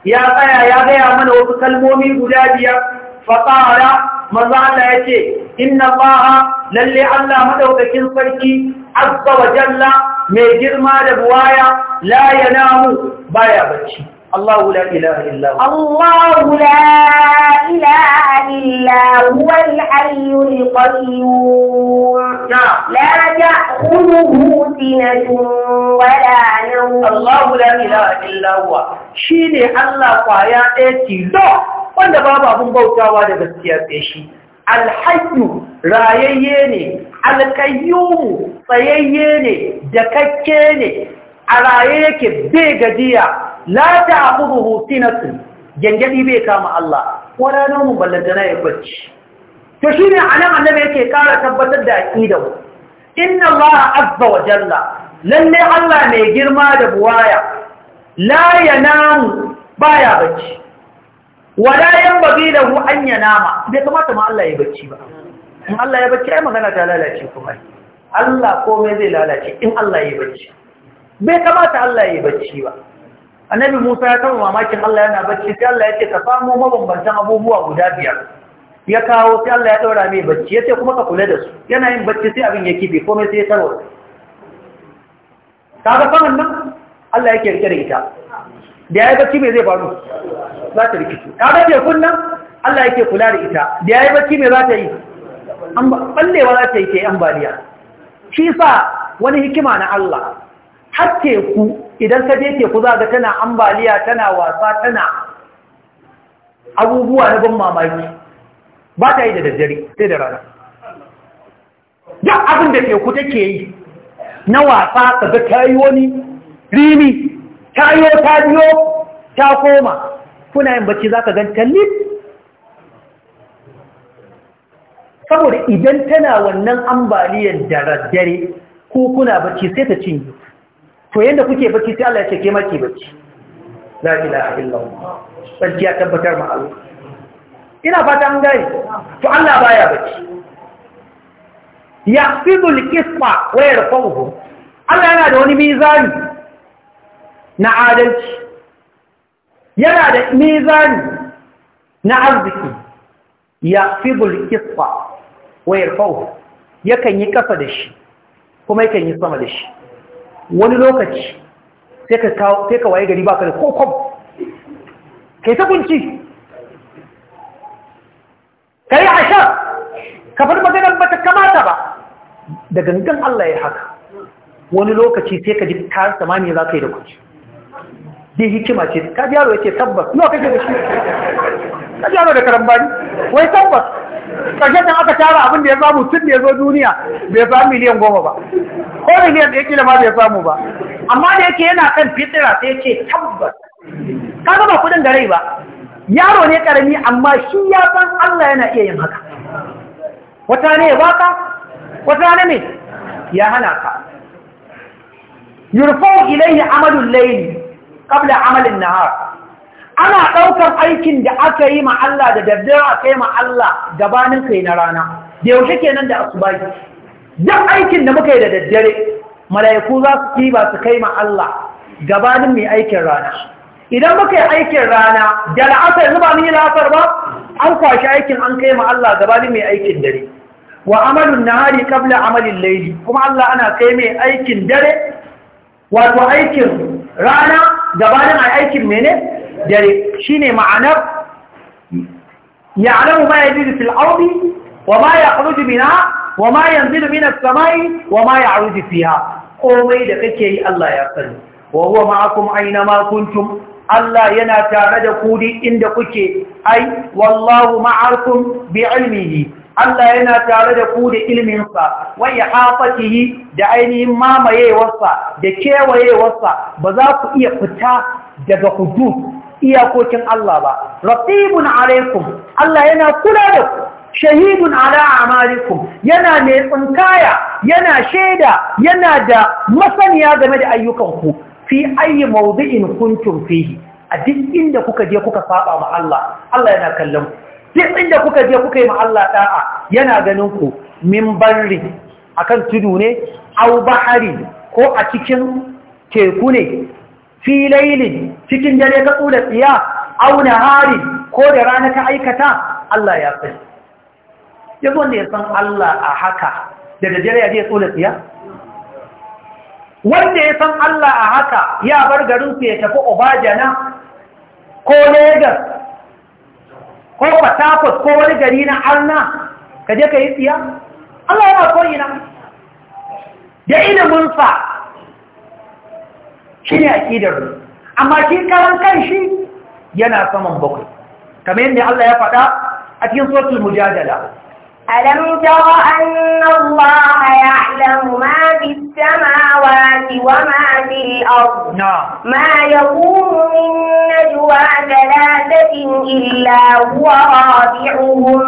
ya tsaya ya gaya mana wasu kalmomi guda biyar fasara. manzo Allah ya inna allaha lalle Allah madaukakin sarki azza wa jalla mai girma da buwaya la yanamu baya bacci الله لا إله إلا هو الله لا إله إلا هو الحي القيوم لا تأخذه سنة ولا نوم الله لا إله إلا هو شيني الله قايا إيتي لا wanda babu abin bautawa da gaskiya sai shi alhayyu rayayye ne alkayyumu tsayayye ne dakakke ne a raye yake bai gajiya la ta'khudhuhu sinatun gangadi bai kama Allah ko wala nawmun ballantana ya bacci to shine anan annabi yake kara tabbatar da aqidar inna Allah azza wa jalla lalle Allah mai girma da buwaya la ya yanamu baya bacci wala da lahu an nama. bai kamata ma Allah ya bacci ba in Allah ya bacci ai magana ta lalace kuma Allah komai zai lalace in Allah ya bacci bai kamata Allah ya bacci ba annabi Musa ya kama mamakin Allah yana bacci sai Allah ya ce ka samo mabambantan abubuwa guda biyar ya kawo sai Allah ya ɗora mai bacci ya ce kuma ka kula da su yana yin bacci sai abin ya kife, komai sai ya tarwa ga saman nan Allah yake rike da ita da yayi bacci me zai faru za ta rikici ga tekun nan Allah yake kula da ita da yayi bacci me za ta yi an ballewa za ta yi ta yi ambaliya shi sa wani hikima na Allah har teku idan ka je teku za ga tana ambaliya tana wasa tana abubuwa na ban mamaki ba ta yi da daddare sai da rana duk abin da teku take yi na wasa ka ga ta yi wani rimi ta yi ta biyo ta koma kuna yin bacci za ka gan talli saboda idan tana wannan ambaliyar da daddare ko kuna bacci sai ta cinye to yadda kuke bacci sai Allah ya ce ke maki bacci la ilaha illallah bacci ya tabbatar ma Allah ina fata an gane to Allah baya bacci fidul kisma wa yarfahu Allah yana da wani mizani na adalci yana da mizani na arziki fidul kisma wa yarfahu yakan yi ƙasa da shi kuma yakan yi sama da shi wani lokaci sai ka waye gari baka da kokon kai ta kunci kai asha ka faɗi maganar bata kamata ba da gangan Allah ya haka wani lokaci sai ka ji kayan samaniya za ka yi da kunci dai hikima ce ka ji yaro yake tabbas nawa kake da shi ka ji da karambani wai tabbas ƙarshen da aka tara abin da ya samu tun da ya zo duniya bai samu miliyan goma ba ko miliyan ya kila ma bai samu ba amma da yake yana kan fitira sai ce tabbas ka gaba kudin da rai ba yaro ne karami amma shi ya san Allah yana iya yin haka wata ne ya baka wata ne ya hana ka yurfo ilayhi amalul layli qabla amalin nahar ana ɗaukar aikin da aka yi ma Allah da daddare a kai ma Allah gabanin kai na rana da yaushe kenan da asubahi duk aikin da muka yi da daddare mala'iku za su kiba su kai ma Allah gabanin mai aikin rana idan muka yi aikin rana da la'asar zuba mun yi la'asar ba an kwashi aikin an kai ma Allah gabanin mai aikin dare wa amalun nahari kabla amalin layli kuma Allah ana kai mai aikin dare wato aikin rana gabanin ai aikin mene dare shine ma'anar ya'lamu ma yajidu fil ardi wa ma ya yakhruju minha wa ma yanzilu min as-samai wa ma ya ya'ruju fiha komai da kake yi Allah ya sani wa huwa ma'akum aina ma Allah yana tare da ku duk inda kuke ai wallahu ma'akum bi ilmihi Allah yana tare da ku da ilminsa, wai ya hafatihi da ainihin mamayewarsa da kewayewarsa ba za ku iya fita daga hudu iyakokin Allah ba raqibun alaikum Allah yana kula da ku shahidun ala amalikum yana mai tsinkaya yana shaida yana da masaniya game da ayyukanku fi ayi mawdi'in kuntum fihi a duk inda kuka je kuka saba ma Allah Allah yana kallon ku duk inda kuka je kuka yi ma Allah ɗa'a, yana ganin ku min barri akan tudu ne au bahari ko a cikin teku ne fi lailin cikin dare ka tsula tsiya auna hari ko da rana ta aikata Allah ya sani yanzu wanda ya san Allah a haka da dare ya je tsula tsiya wanda ya san Allah a haka ya bar garin ya tafi Obajana ko Lagos ko Port ko wani gari na Arna ka je ka yi tsiya Allah yana koyina da ilimin sa shi ne aƙidar mu amma shi karan kan shi yana saman bakwai kamar yadda Allah ya faɗa a cikin suratul mujadala ألم تر أن الله يعلم ما في السماوات وما في الأرض نعم ما يكون من نجوى ثلاثة إلا هو رابعهم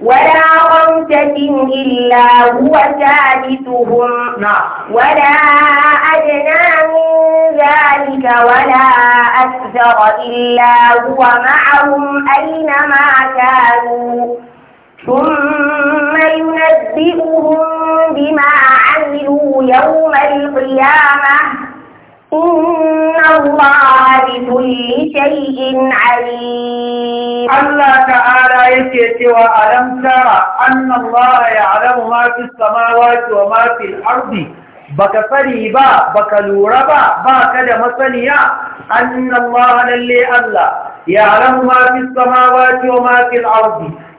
ولا غوثة إلا هو ثالثهم نعم. ولا أدنى من ذلك ولا أكثر إلا هو معهم أينما كانوا ثم ينبئهم بما عملوا يوم القيامة إن الله بكل شيء a الله تعالى يكيتي وألم ترى أن الله يعلم ما في السماوات وما في الأرض baka sani ba baka lura ba baka da masaniya Annan annallaha lalle Allah ya'lamu ma fis samawati wa ma fil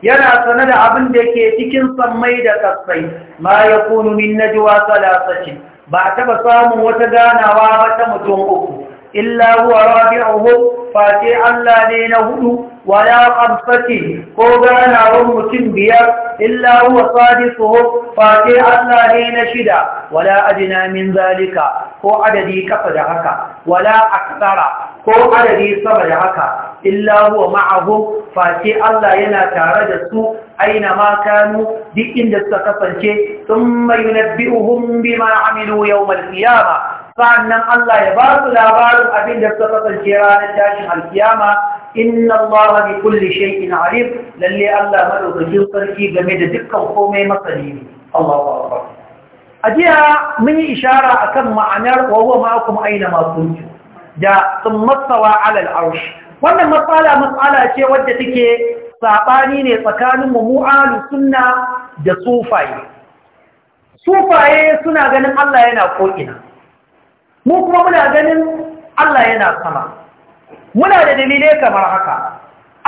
yana sana da abin da ke cikin sammai da kasai ma yakunu min najwa salasatin ba a taɓa samun wata ganawa ba ta mutum uku illa huwa rabi'uhu fa ce Allah ne na hudu ولا خمسة كوغانا ومتن بيار إلا هو صادقه فاتي الله لين شدا ولا أدنى من ذلك هو عددي كفد هكا ولا أكثر هو عددي صبر هكا إلا هو معه فاتي الله ينا تارد سوء أينما كانوا دي إن دستكفن ثم ينبئهم بما عملوا يوم القيامة sa'annan Allah ya ba su labarin abin da suka kasance ranar tashin alkiyama inna Allah bi kulli shay'in alim lalle Allah madaukakin sarki game da dukkan komai masani ne Allahu akbar ajiya mun yi ishara akan ma'anar wa huwa ma'akum aina ma kuntum da summasawa alal arsh wannan matsala matsala ce wadda take sabani ne tsakanin mu ahlus sunna da sufaye sufaye suna ganin Allah yana ko'ina mu kuma muna ganin Allah yana sama muna da dalilai kamar haka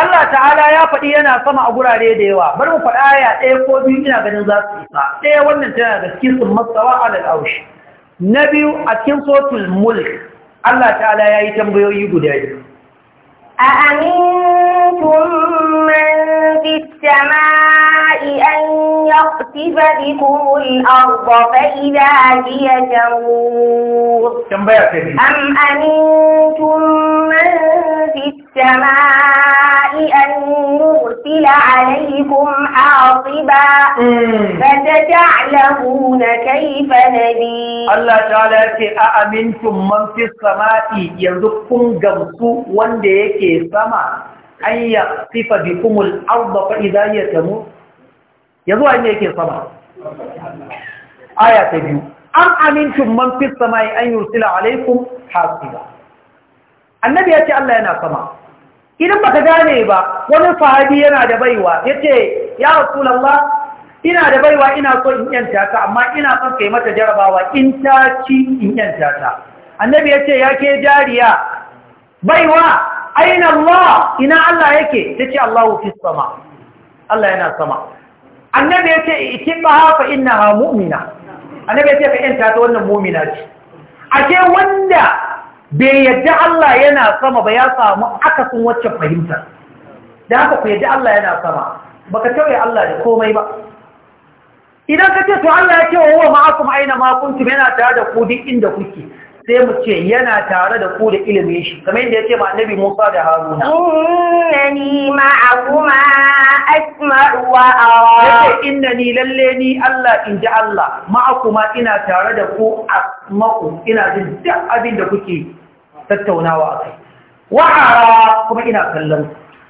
Allah ta'ala ya faɗi yana sama a gurare da yawa bari mu faɗa aya ɗaya ko biyu ina ganin za su isa ɗaya wannan tana da cikin sun masawa alal na biyu a cikin sotul mulk Allah ta'ala ya yi tambayoyi guda biyu a amin من في السماء أن يخسف بكم الأرض فإذا هي تمور أم أمنتم من في السماء أن يرسل عليكم حاصبا فستعلمون كيف نذير الله تعالى أأمنتم من في السماء يرزقكم gamsu wanda yake sama an ya sifa bi kumul arda fa idza hiya Ya yanzu an yake sama aya ta biyu an amincin man sama yi an yursila alaikum hasiba annabi ya ce Allah yana sama idan baka gane ba wani fahadi yana da baiwa Ya ce ya lalla ina da baiwa ina so in yanta ta amma ina son kai mata jarabawa in ta ci in yanta ta annabi ya ce ya ke jariya baiwa aina Allah ina Allah yake tace Allahu fi sama Allah yana sama annabi yace ikibaha fa innaha mu'mina annabi yace ka yanta ta wannan mu'mina ce ake wanda bai yadda Allah yana sama ba ya samu akasin wacce fahimta da haka ku yadda Allah yana sama baka tauye Allah da komai ba idan ka ce to Allah ya ce wa huwa ma'akum aina ma kuntum yana tare da ku duk inda kuke sai mu ce yana tare da ku da ilimin shi kamar yadda ya ce ma annabi Musa da Haruna innani ma'akuma asma'u wa ara yace innani lalle ni Allah Inji ji Allah ma'akuma ina tare da ku asma'u ina jin duk abin da kuke tattaunawa akai wa ara kuma ina kallon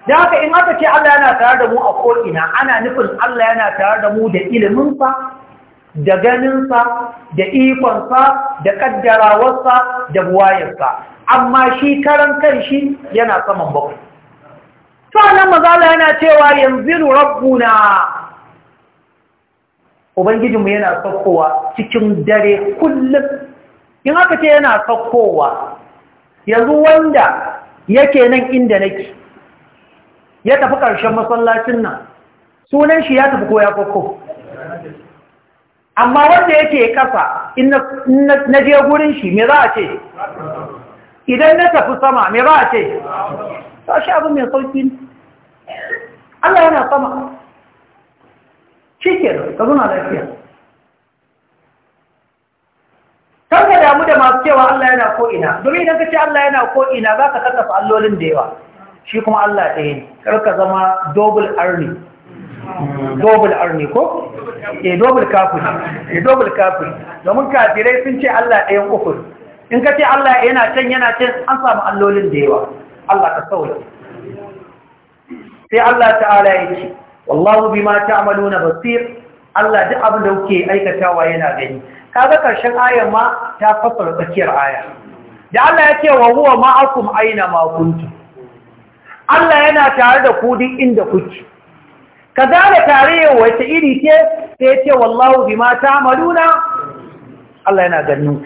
da haka in aka ce Allah yana tare da mu a ko'ina ana nufin Allah yana tare da mu da ilimin sa da ganinsa da ikonsa da kaddarawarsa da buwayarsa amma shi karan shi yana saman bakwai sanan mazala yana cewa yanzu na ubangijinmu yana saukowa cikin dare kullum in haka ce yana saukowa yanzu wanda yake nan inda nake ya tafi ƙarshen masallacin nan sunan shi ya tafi ko ya amma wanda yake kasa na je gurin shi me za a ce idan na tafi sama me za a ce ta shi abu mai sauki Allah yana sama cikin ka zuna lafiya kan ka damu da masu cewa Allah yana ko'ina domin idan ka ce Allah yana ko'ina za ka kakkafa allolin da yawa shi kuma Allah ɗaya ne kar ka zama double army dobul arni ko e dobul kafir e eh, dobul kafir domin kafirai sun ce Allah ɗayan uku in ka ce Allah yana can yana can an samu allolin da yawa Allah ka saula sai Allah ta'ala ya ce wallahu bima ta'maluna basir Allah duk abin da kuke aikatawa yana gani kaga karshen ayar ma ta fasara tsakiyar aya da Allah ya ce wa huwa ma'akum aina ma kuntum Allah yana tare da ku duk inda kuke kaza tarayyar ta iri ce sai ce wallahu bima ta'maluna Allah yana ganin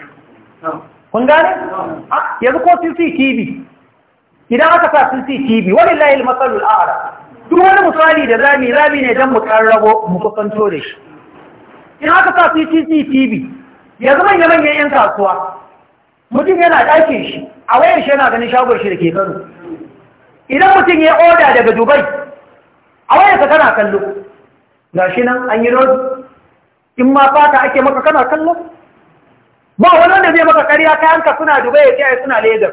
ku kun gane ah, yanzu ko CCTV idan aka sa CCTV wallahi al-masalul a'la duk wani musali da rami rami ne dan mu karrabo mu kusanto da shi idan aka sa CCTV yanzu manyan manyan yan kasuwa mutum yana ɗakin shi a wayar shi yana ganin shagon shi da ke Kano idan mutum ya oda daga Dubai a wayarka kana kallo gashi nan an yi rodi in ma fata ake maka kana kallo ba wani da zai maka ƙarya yanka suna dubai ya ce ai suna ledar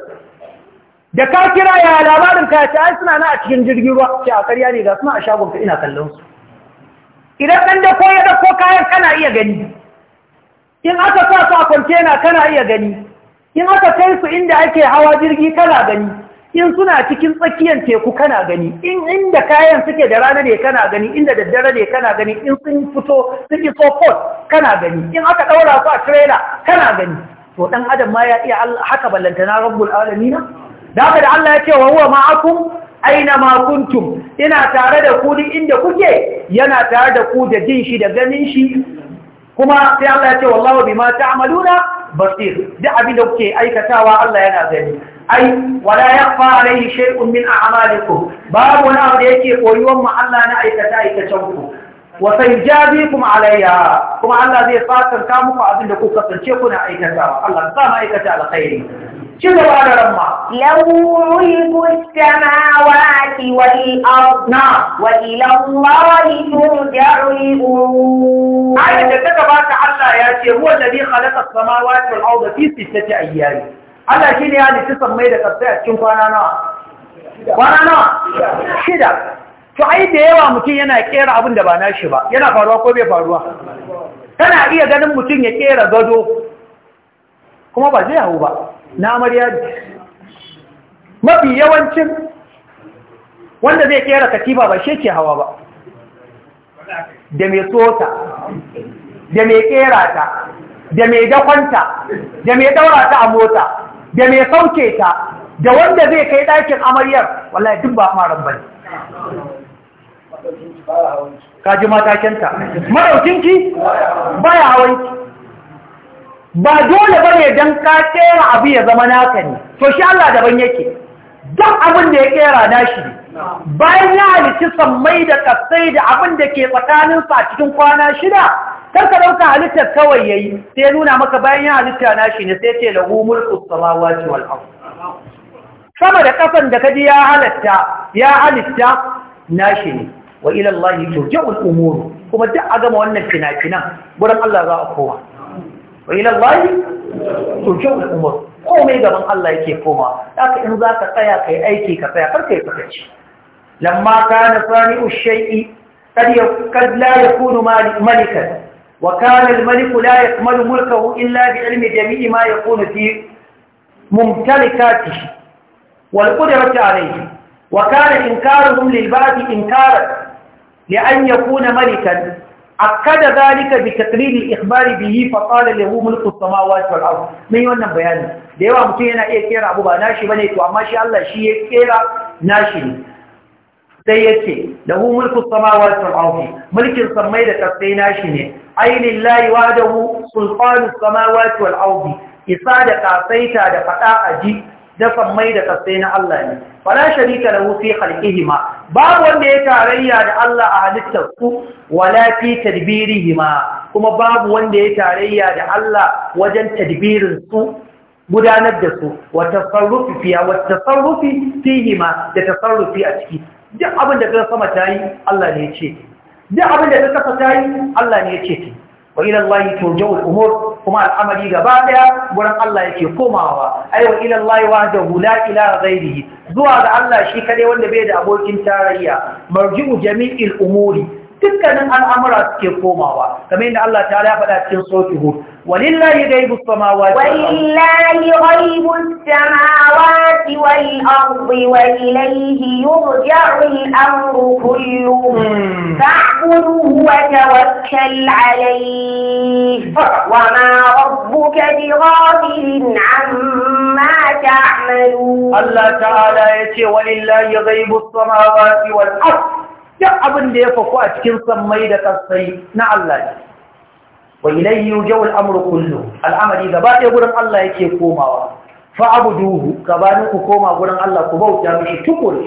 da ka kira ya labarin ka ce ai suna na a cikin jirgin ruwa ce a ƙarya ne ga suna a shagon ka ina kallon su idan ɗan da ko ya ko kayan kana iya gani in aka sa su a kwantena kana iya gani in aka kai su inda ake hawa jirgi kana gani in suna cikin tsakiyar teku kana gani in inda kayan suke da rana ne kana gani inda daddare ne kana gani in sun fito sun iso port kana gani in aka ɗaura su a trailer kana gani to ɗan adam ma ya iya haka ballantana rabbul alamina da haka da Allah ya ce wa huwa ma'akum aina ma kuntum ina tare da ku duk inda kuke yana tare da ku da jin shi da ganin shi kuma sai Allah ya ce wallahu bima ta'maluna basir duk abin da kuke aikatawa Allah yana gani أي ولا يخفى عليه شيء من أعمالكم باب الأرض يكي قيوم ما الله نأيك تأيك شوكم وسيجابيكم عليها كما الله ذي فاتر كامك وعبد لكم قصر شيكنا أيك تأيك الله قام أيك تأيك خيري شنو على رمى له ملك السماوات والأرض نعم وإلى الله ترجع الأمور أي تتبعك الله يا هو الذي خلق السماوات والأرض في ستة أيام Allah shi ne ya da karfe a cikin kwana nawa kwana nawa shida to ai da yawa mutum yana kera abin da ba shi ba yana faruwa ko bai faruwa tana iya ganin mutum ya kera gado kuma ba zai hau ba na amarya mafi yawancin wanda zai kera katiba ba shi ke hawa ba da mai tsota da mai kera ta da mai dakwanta da mai daura ta a mota da mai sauke ta da wanda zai kai ɗakin amaryar wallahi duk ba maran bane ka ji matakenta madaukinki baya hawanki ba dole ba bane dan ka tsera abu ya zama naka ne to shi Allah daban yake don abin da ya kera nashi bayan ya halici sammai da kasai da abin da ke tsakaninsa a cikin kwana shida Karka ka dauka halittar kawai yayi sai nuna maka bayan ya halitta nashi ne sai ce lahu mulku samawati wal ard sama da kasan da kaji ya halatta ya halitta nashi ne wa ila Allah turja'ul umur kuma duk a gama wannan fina-finan gurin Allah za a koma wa ila Allah turja'ul umur komai gaban Allah yake koma haka in za ka tsaya kai aiki ka tsaya kar kai sakaci lamma kana sani'u shay'i قد لا يكون ملكا وكان الملك لا يكمل ملكه إلا بعلم جميع ما يكون في ممتلكاته والقدرة عليه وكان إنكارهم للبعث إنكارا لأن يكون ملكا أكد ذلك بتقليل الإخبار به فقال له ملك السماوات والأرض من يوانا بيانا ديوا متينا إيه كيرا أبو باناشي بني تو أما شاء الله شيء كيرا ناشي sai ya ce lahu mulku samawati wal mulkin samai da kasai nashi ne ainihin lahi wahdahu sultanu samawati wal ardi isa da kasaita da faɗa aji da samai da kasai na Allah ne fala sharika lahu fi khalqihima babu wanda ya tarayya da Allah a halittar su wala fi hima. kuma babu wanda ya tarayya da Allah wajen tadbirin su gudanar da su wata sarrufi fiya wa tasarrufi fihima da tasarrufi a ciki duk abin da ka sama ta yi Allah ne ya ce ta, duk abin da ka kasa ta yi Allah ne ya ce ta. wa ila Allah turja'u umur kuma al'amari gaba daya wurin Allah yake komawa ai wa ila Allah da hula ila ghairihi zuwa ga Allah shi kadai wanda bai da abokin tarayya marji'u jami'il umuri dukkanin al'amura suke komawa kamar yadda Allah ta ya faɗa cikin sauti ولله غيب السماوات ولله غيب السماوات والأرض وإليه يرجع الأمر كله فاعبده وتوكل عليه وما ربك بغافل عما تعملون الله تعالى يتي ولله غيب السماوات والأرض يا أبن da ya faku الصيب نعم الله da wa ilayhi yujawul amru kullu al'amari gaba ɗaya gurin Allah yake komawa fa abuduhu gabanin ku koma gurin Allah ku bauta mishi tukur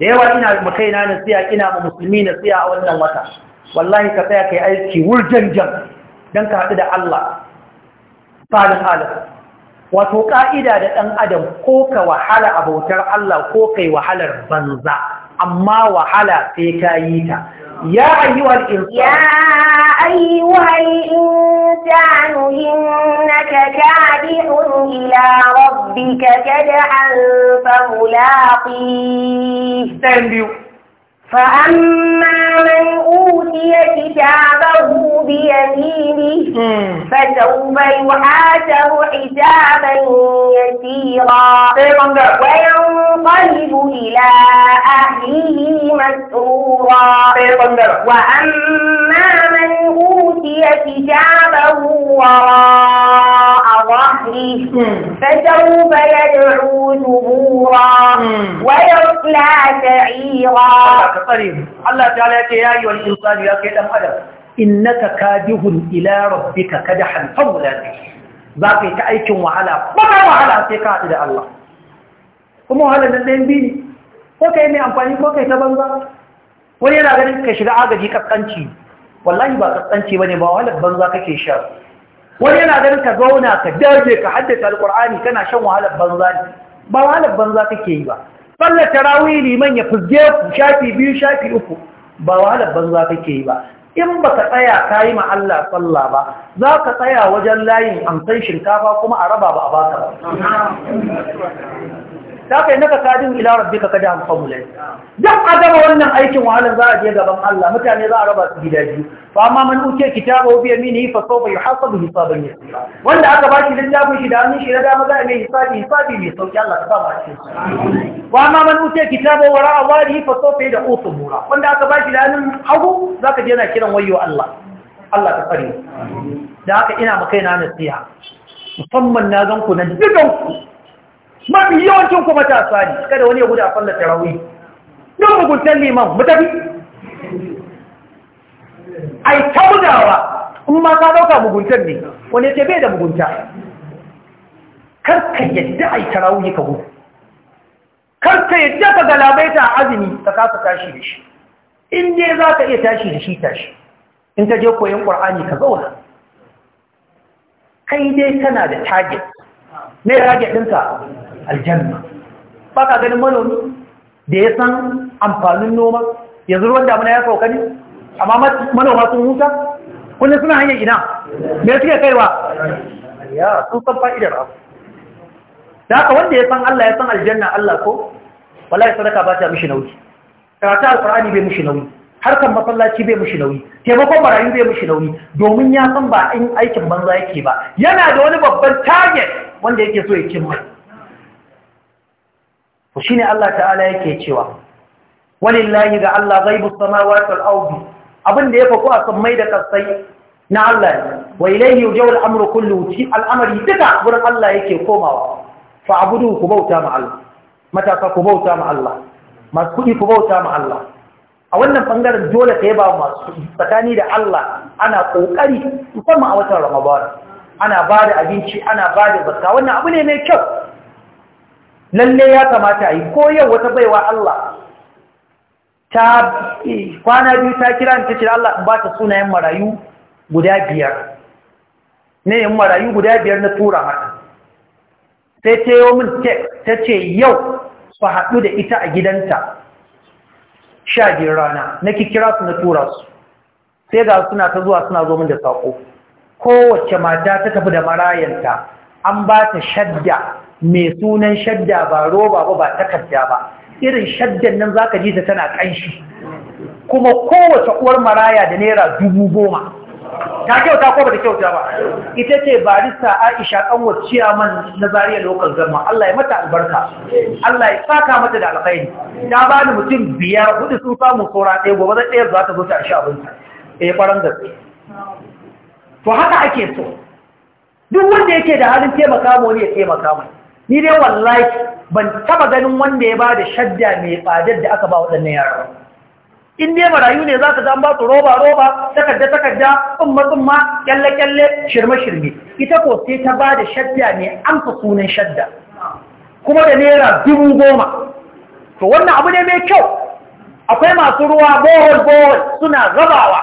da yawa ina mu kaina na siya ina mu musulmi na siya a wannan wata wallahi ka tsaya kai aiki wurjanjan dan ka haɗu da Allah salin alim wato ka'ida da ɗan adam ko ka wahala a bautar Allah ko kai wahalar banza amma wahala sai ka yi ta يا أيها الإنسان يا أيها الإنسان إنك كادح إلى ربك كدحا فملاقيه فأما من أوتي كتابه بيمينه فسوف يحاسب حسابا يسيرا وينقلب إلى أهله مسرورا وأما من أوتي كتابه وراء ظهره فسوف يدعو ثبورا ويصلى سعيرا ka tsare Allah Ta ya ce ya yi wani insani ya kai dan adam innaka kadihun ila rabbika kadahan fawla za ka yi ta aikin wahala ba wahala sai ka haɗu da Allah kuma wahala nan ɗayan biyu ne ko ka yi mai amfani ko ka yi ta banza wani yana ganin ka shiga agaji kaskanci wallahi ba kaskanci ba ne ba wahalar banza kake sha wani yana ganin ka zauna ka daje ka haddace alkur'ani kana shan wahalar banza ne ba wahalar banza kake yi ba sallar tarawih liman ya fuzge ku shafi biyu shafi uku ba wahalar banza kake yi ba in ba ka tsaya ka yi ma Allah sallah ba za ka tsaya wajen layin amsan shinkafa kuma a raba ba a baka ba ta kai naka kadin ila rabbika kada an famulai a gaba wannan aikin wahalan za a je gaban Allah mutane za a raba su gida biyu fa amma man uke kitabu bi yaminihi fa sawfa yuhasabu hisaban yasira wanda aka ba shi littafin shi da hannun shi na dama za a mai hisabi hisabi mai sauki Allah ta ba shi fa amma man uke kitabu wara yi fa sawfa da mura, wanda aka ba shi da hannun hagu Za ka je na kiran wayyo Allah Allah ta tsare da haka ina maka na nasiha musamman na zan ganku na dukanku mafi yawancin ku matasa ne kada wani ya gudu a sallar tarawih don muguntar liman mu tafi yi ta bugawa in ma ka dauka muguntar ne wani ya ce bai da mugunta kar ka yadda ai tarawih ka gudu kar ka yadda ka galabaita a azumi ka kasa tashi da shi in ne za ka iya tashi da shi tashi in ta je koyon ƙwar'ani ka zauna kai dai tana da target ne target aljanna ba ka ganin manomi da ya san amfanin noma yanzu ruwan damuna ya sauka amma manoma sun huta kullum suna hanyar ina me suke kaiwa ya sun san fa'idar abu da haka wanda ya san Allah ya san aljanna Allah ko ya sadaka ba ta mishi nauyi karatu alqur'ani bai mishi nauyi kan masallaci bai mishi nauyi taimakon barayi bai mishi nauyi domin ya san ba in aikin banza yake ba yana da wani babban target wanda yake so ya cimma ne Allah ta'ala yake cewa wani layi ga Allah zai samawati wal ardi abun da ya faku a sammai da kasai na Allah ne wa yau yujawul amru kullu ci al'amari duka wurin Allah yake komawa fa abudu ku bauta ma Allah matasa ku bauta ma Allah masu kuɗi ku bauta ma Allah a wannan ɓangaren dole ka ba masu tsakani da Allah ana kokari musamman a watan Ramadan ana ba da abinci ana ba da wannan abu ne mai kyau lalle ya kamata a yi ko yau wata baiwa Allah ta eh, kwana biyu ta kira ta cire Allah ba ta sunayen marayu guda biyar ne yin marayu guda biyar na tura mata sai ta yi min tek ta ce yau su haɗu da ita a gidanta sha biyar rana na kira su na tura su sai ga suna ta zuwa suna zo min da saƙo kowace mata ta tafi da marayanta an ba ta shadda mai sunan shadda ba roba ba ba takarda ba irin shaddan nan zaka ji ta tana kanshi kuma kowace uwar maraya da naira dubu goma ta kyauta ko ba ta kyauta ba ita ce barista aisha kanwar ciyaman na zariya lokal zama Allah ya mata albarka Allah ya saka mata da alkhairi ta ba ni mutum biyar hudu sun samu tsora ɗaya gobe zai ɗaya za zo ta sha abinci eh kwaran da to haka ake so duk wanda yake da halin taimaka mu ne ya taimaka mu ni dai wallahi ban taba ganin wanda ya ba da shadda mai fadar da aka ba waɗannan yaran in dai marayu ne za ka zan ba su roba roba takarda takarda tsumma tsumma kyalle kyalle shirme shirme ita ko sai ta ba da shadda mai amsa sunan shadda kuma da naira dubu goma to wannan abu ne mai kyau akwai masu ruwa bohol bohol suna rabawa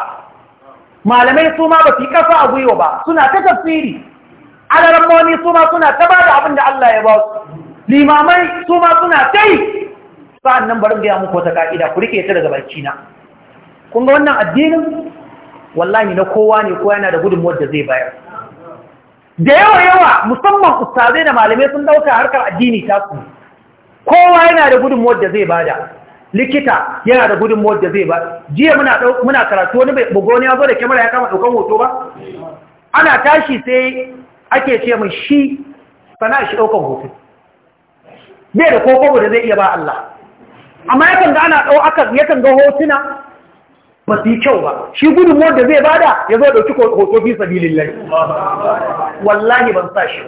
malamai su ma ba su yi a gwiwa ba suna ta tafsiri alaramoni su ma suna ta ba da abin da Allah ya ba su limamai su ma suna yi sa'an nan barin gaya muku wata ka'ida ku rike ta daga barci na kun ga wannan addinin wallahi na kowa ne kowa yana da gudunmuwar da zai bayar da yawa yawa musamman ustazai da malamai sun dauka harkar addini ta su kowa yana da gudunmuwar da zai bada likita yana da gudunmuwar da zai ba jiya muna karatu wani bai ya zo da kyamara ya kama daukan hoto ba ana tashi sai ake ce mai shi sana shi ɗaukan hoto bai da kokobo da zai iya ba Allah amma yakan ga ana ɗau aka yakan ga hotuna ba su yi kyau ba shi mawar da zai bada ya zo ɗauki hoto fi sabilin lai wallahi ban sa shi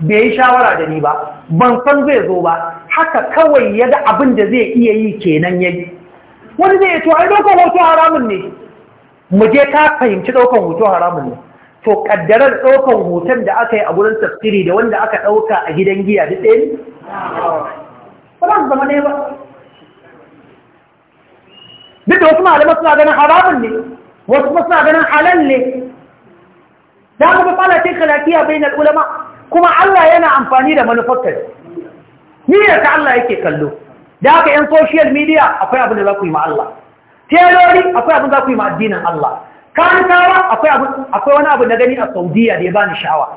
bai yi shawara da ni ba ban san zai zo ba haka kawai ya ga abin da zai iya yi kenan ya yi wani zai yi to ai ɗaukan hoto haramun ne mu je ka fahimci ɗaukan hoto haramun ne to kaddarar ɗaukar hoton da aka yi a wurin tafsiri da wanda aka ɗauka a gidan giya da ɗaya ne? ba su zama ɗaya ba duk da wasu malamai suna ganin haramun ne wasu kuma suna ganin halal ne da aka fi falace kalafiya bai na ulama kuma Allah yana amfani da ni da ta Allah yake kallo da aka yan social media akwai abin da za ku yi ma Allah telori akwai abin da za ku yi ma addinin Allah kankawa akwai wani abu na gani a saudiya da ya bani sha'awa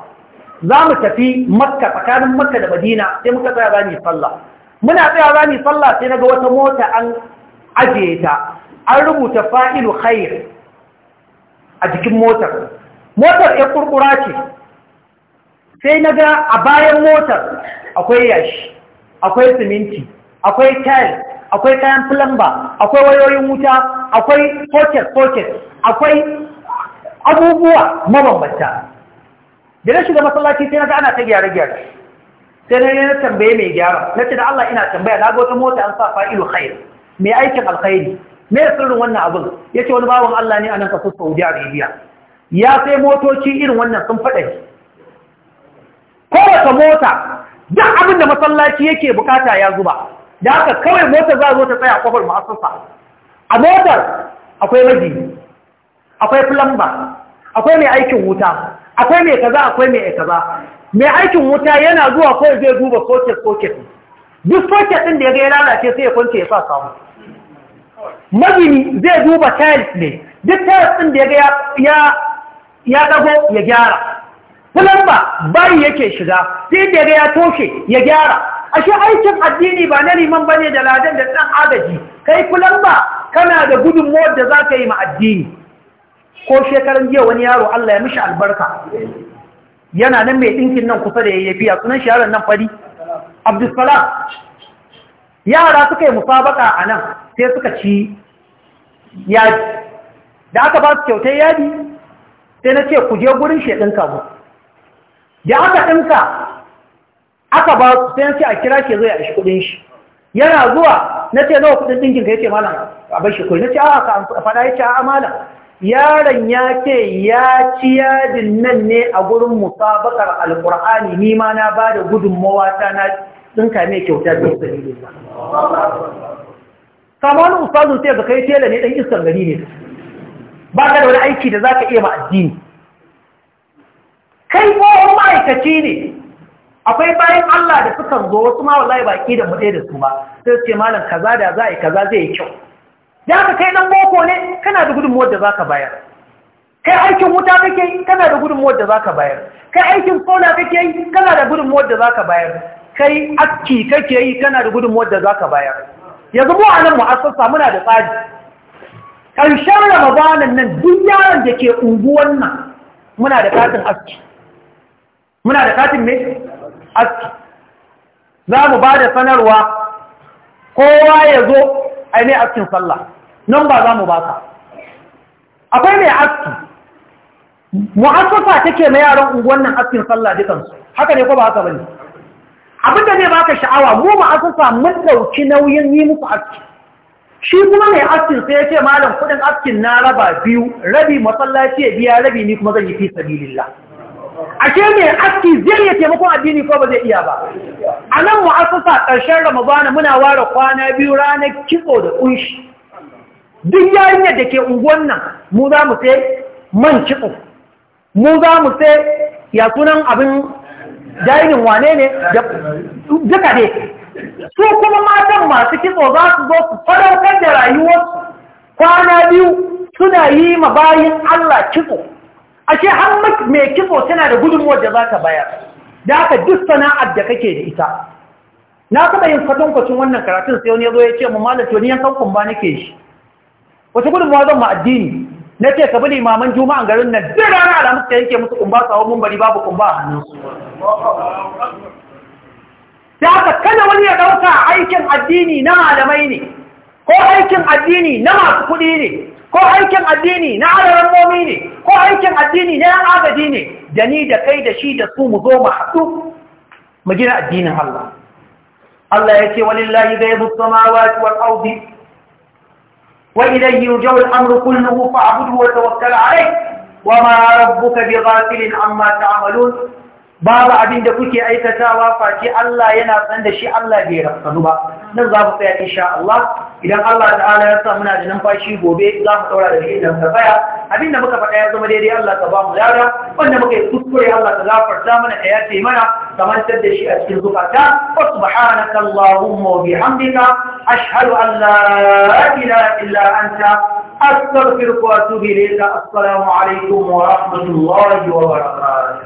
za mu tafi makka tsakanin makka da madina sai muka tsaya za mu yi sallah muna tsaya za mu yi sallah sai na ga wata mota an ajiye ta an rubuta fa'ilu khair a jikin motar motar ya kurkura ce sai na ga a bayan motar akwai yashi akwai siminti akwai tile akwai kayan plumba akwai wayoyin wuta akwai pocket pocket akwai abubuwa mabambanta da na shiga masallaci sai na ga ana ta gyare-gyare sai na yana tambaye mai gyara na ce da Allah ina tambaya na ga mota an sa fa'ilu khair mai aikin alkhairi me sirrin wannan abin ya ce wani bawan Allah ne a nan kasar Saudi Arabia ya sai motoci irin wannan sun faɗa kowace mota duk abin da masallaci yake bukata ya zuba da haka kawai motar za a zo ta tsaya a kofar ma'asasa a motar akwai waje, akwai flamba akwai mai aikin wuta akwai mai kaza akwai mai kaza mai aikin wuta yana zuwa kawai zai duba soket soket duk soket ɗin da ya ga ya lalace sai ya kwance ya sa samu mazini zai duba tiles ne duk tiles ɗin da ya ga ya ɗago ya gyara plamba bayi yake shiga sai da ya toshe ya gyara ashe aikin addini ba na neman bane da ladan da ɗan agaji kai kulan ba kana da mawar da zaka yi ma addini ko shekaran jiya wani yaro Allah ya mishi albarka yana nan mai ɗinkin nan kusa da yayyafi a sunan shaharar nan fari abdulsalam yara suka yi musabaka a nan sai suka ci yadi da aka ba su kyautar yadi sai na ce ku je gurin shi ɗinka mu da aka ɗinka aka ba su sai a kira ke zo a shi kudin shi yana zuwa na ce nawa kudin dinkin ka yace malam a bar shi kudin na ce a ka fada yace a malam yaron ya ce ya ci yadin nan ne a gurin musabakar alkur'ani ni ma na ba da gudunmawa ta na dinka mai kyauta da sabili kamar ustazu sai baka kai tela ne dan iskan gari ne ba ka da wani aiki da zaka iya ma addini kai ko ma'aikaci ne akwai bayan Allah da suka zo wasu ma wallahi ba ki da mu da su ba sai su ce malam kaza da za a yi kaza zai yi kyau da ka kai dan boko ne kana da gudunmuwar da zaka bayar kai aikin wuta kake yi kana da gudunmuwar da zaka bayar kai aikin sola kake yi kana da gudunmuwar da zaka bayar kai aski kake yi kana da gudunmuwar da zaka bayar yanzu mu a nan mu'assasa muna da tsari ƙarshen ramadanan nan duk yaron da ke unguwan nan muna da katin aski muna da katin me aski za mu ba da sanarwa kowa ya zo a ne askin sallah nan ba za mu ba ka akwai mai aski mu'assasa take na yaran unguwan nan askin sallah dukansu haka ne ko ba haka bane abin da zai baka sha'awa mu ma'asasa mun ɗauki nauyin yi muku aski shi kuma mai askin sai ya ce malam kuɗin askin na raba biyu rabi masallaci ya biya rabi ni kuma zan yi fi sabilillah ashe mai aski zai yi taimakon addini ko ba zai iya ba a nan karshen ƙarshen ramadana muna ware kwana biyu ranar kitso da kunshi duk yayin da ke unguwan nan mu za mu sai man kitso mu za mu sai ya sunan abin dainin wane ne duka ne su kuma matan masu kitso za su zo su farautar da rayuwar kwana biyu suna yi ma bayin Allah kitso ashe har mai kitso tana da gudunmuwar da za ta bayar da aka duk sana'ar da kake da ita na kuma yin kwatankwacin wannan karatun sai wani ya zo ya ce mu malam to ni yankan kumba nake shi wata gudunmuwa zan ma addini na ce ka bi limaman juma'an garin nan duk rana a ta yanke musu kumba sawo mun bari babu kumba a su da haka kada wani ya ɗauka aikin addini na malamai ne ko aikin addini na masu kuɗi ne ko aikin addini na alarammomi ne ko aikin addini na yan agadi ne da ni da kai da shi da su mu zo mu haɗu mu gina addinin Allah Allah ya ce walillahi ghaibu samawati wal ardi wa ilayhi yurja'u al-amru kulluhu fa'budhu wa tawakkal alayh wa ma rabbuka bighafilin amma ta'malun babu abin da kuke aikatawa face Allah yana san da shi Allah bai rafsanu ba nan za mu tsaya insha Allah idan Allah ta'ala ya sa muna da numfashi gobe za mu daura da shi da tsaya abin da muka faɗa ya zama daidai Allah ka ba mu yara wanda muka yi kuskure Allah ka gafarta mana ta yace mana kamar da shi a cikin zukata wa subhanaka allahumma wa bihamdika ashhadu an la ilaha illa anta astaghfiruka wa atubu ilayka assalamu alaikum wa rahmatullahi wa barakatuh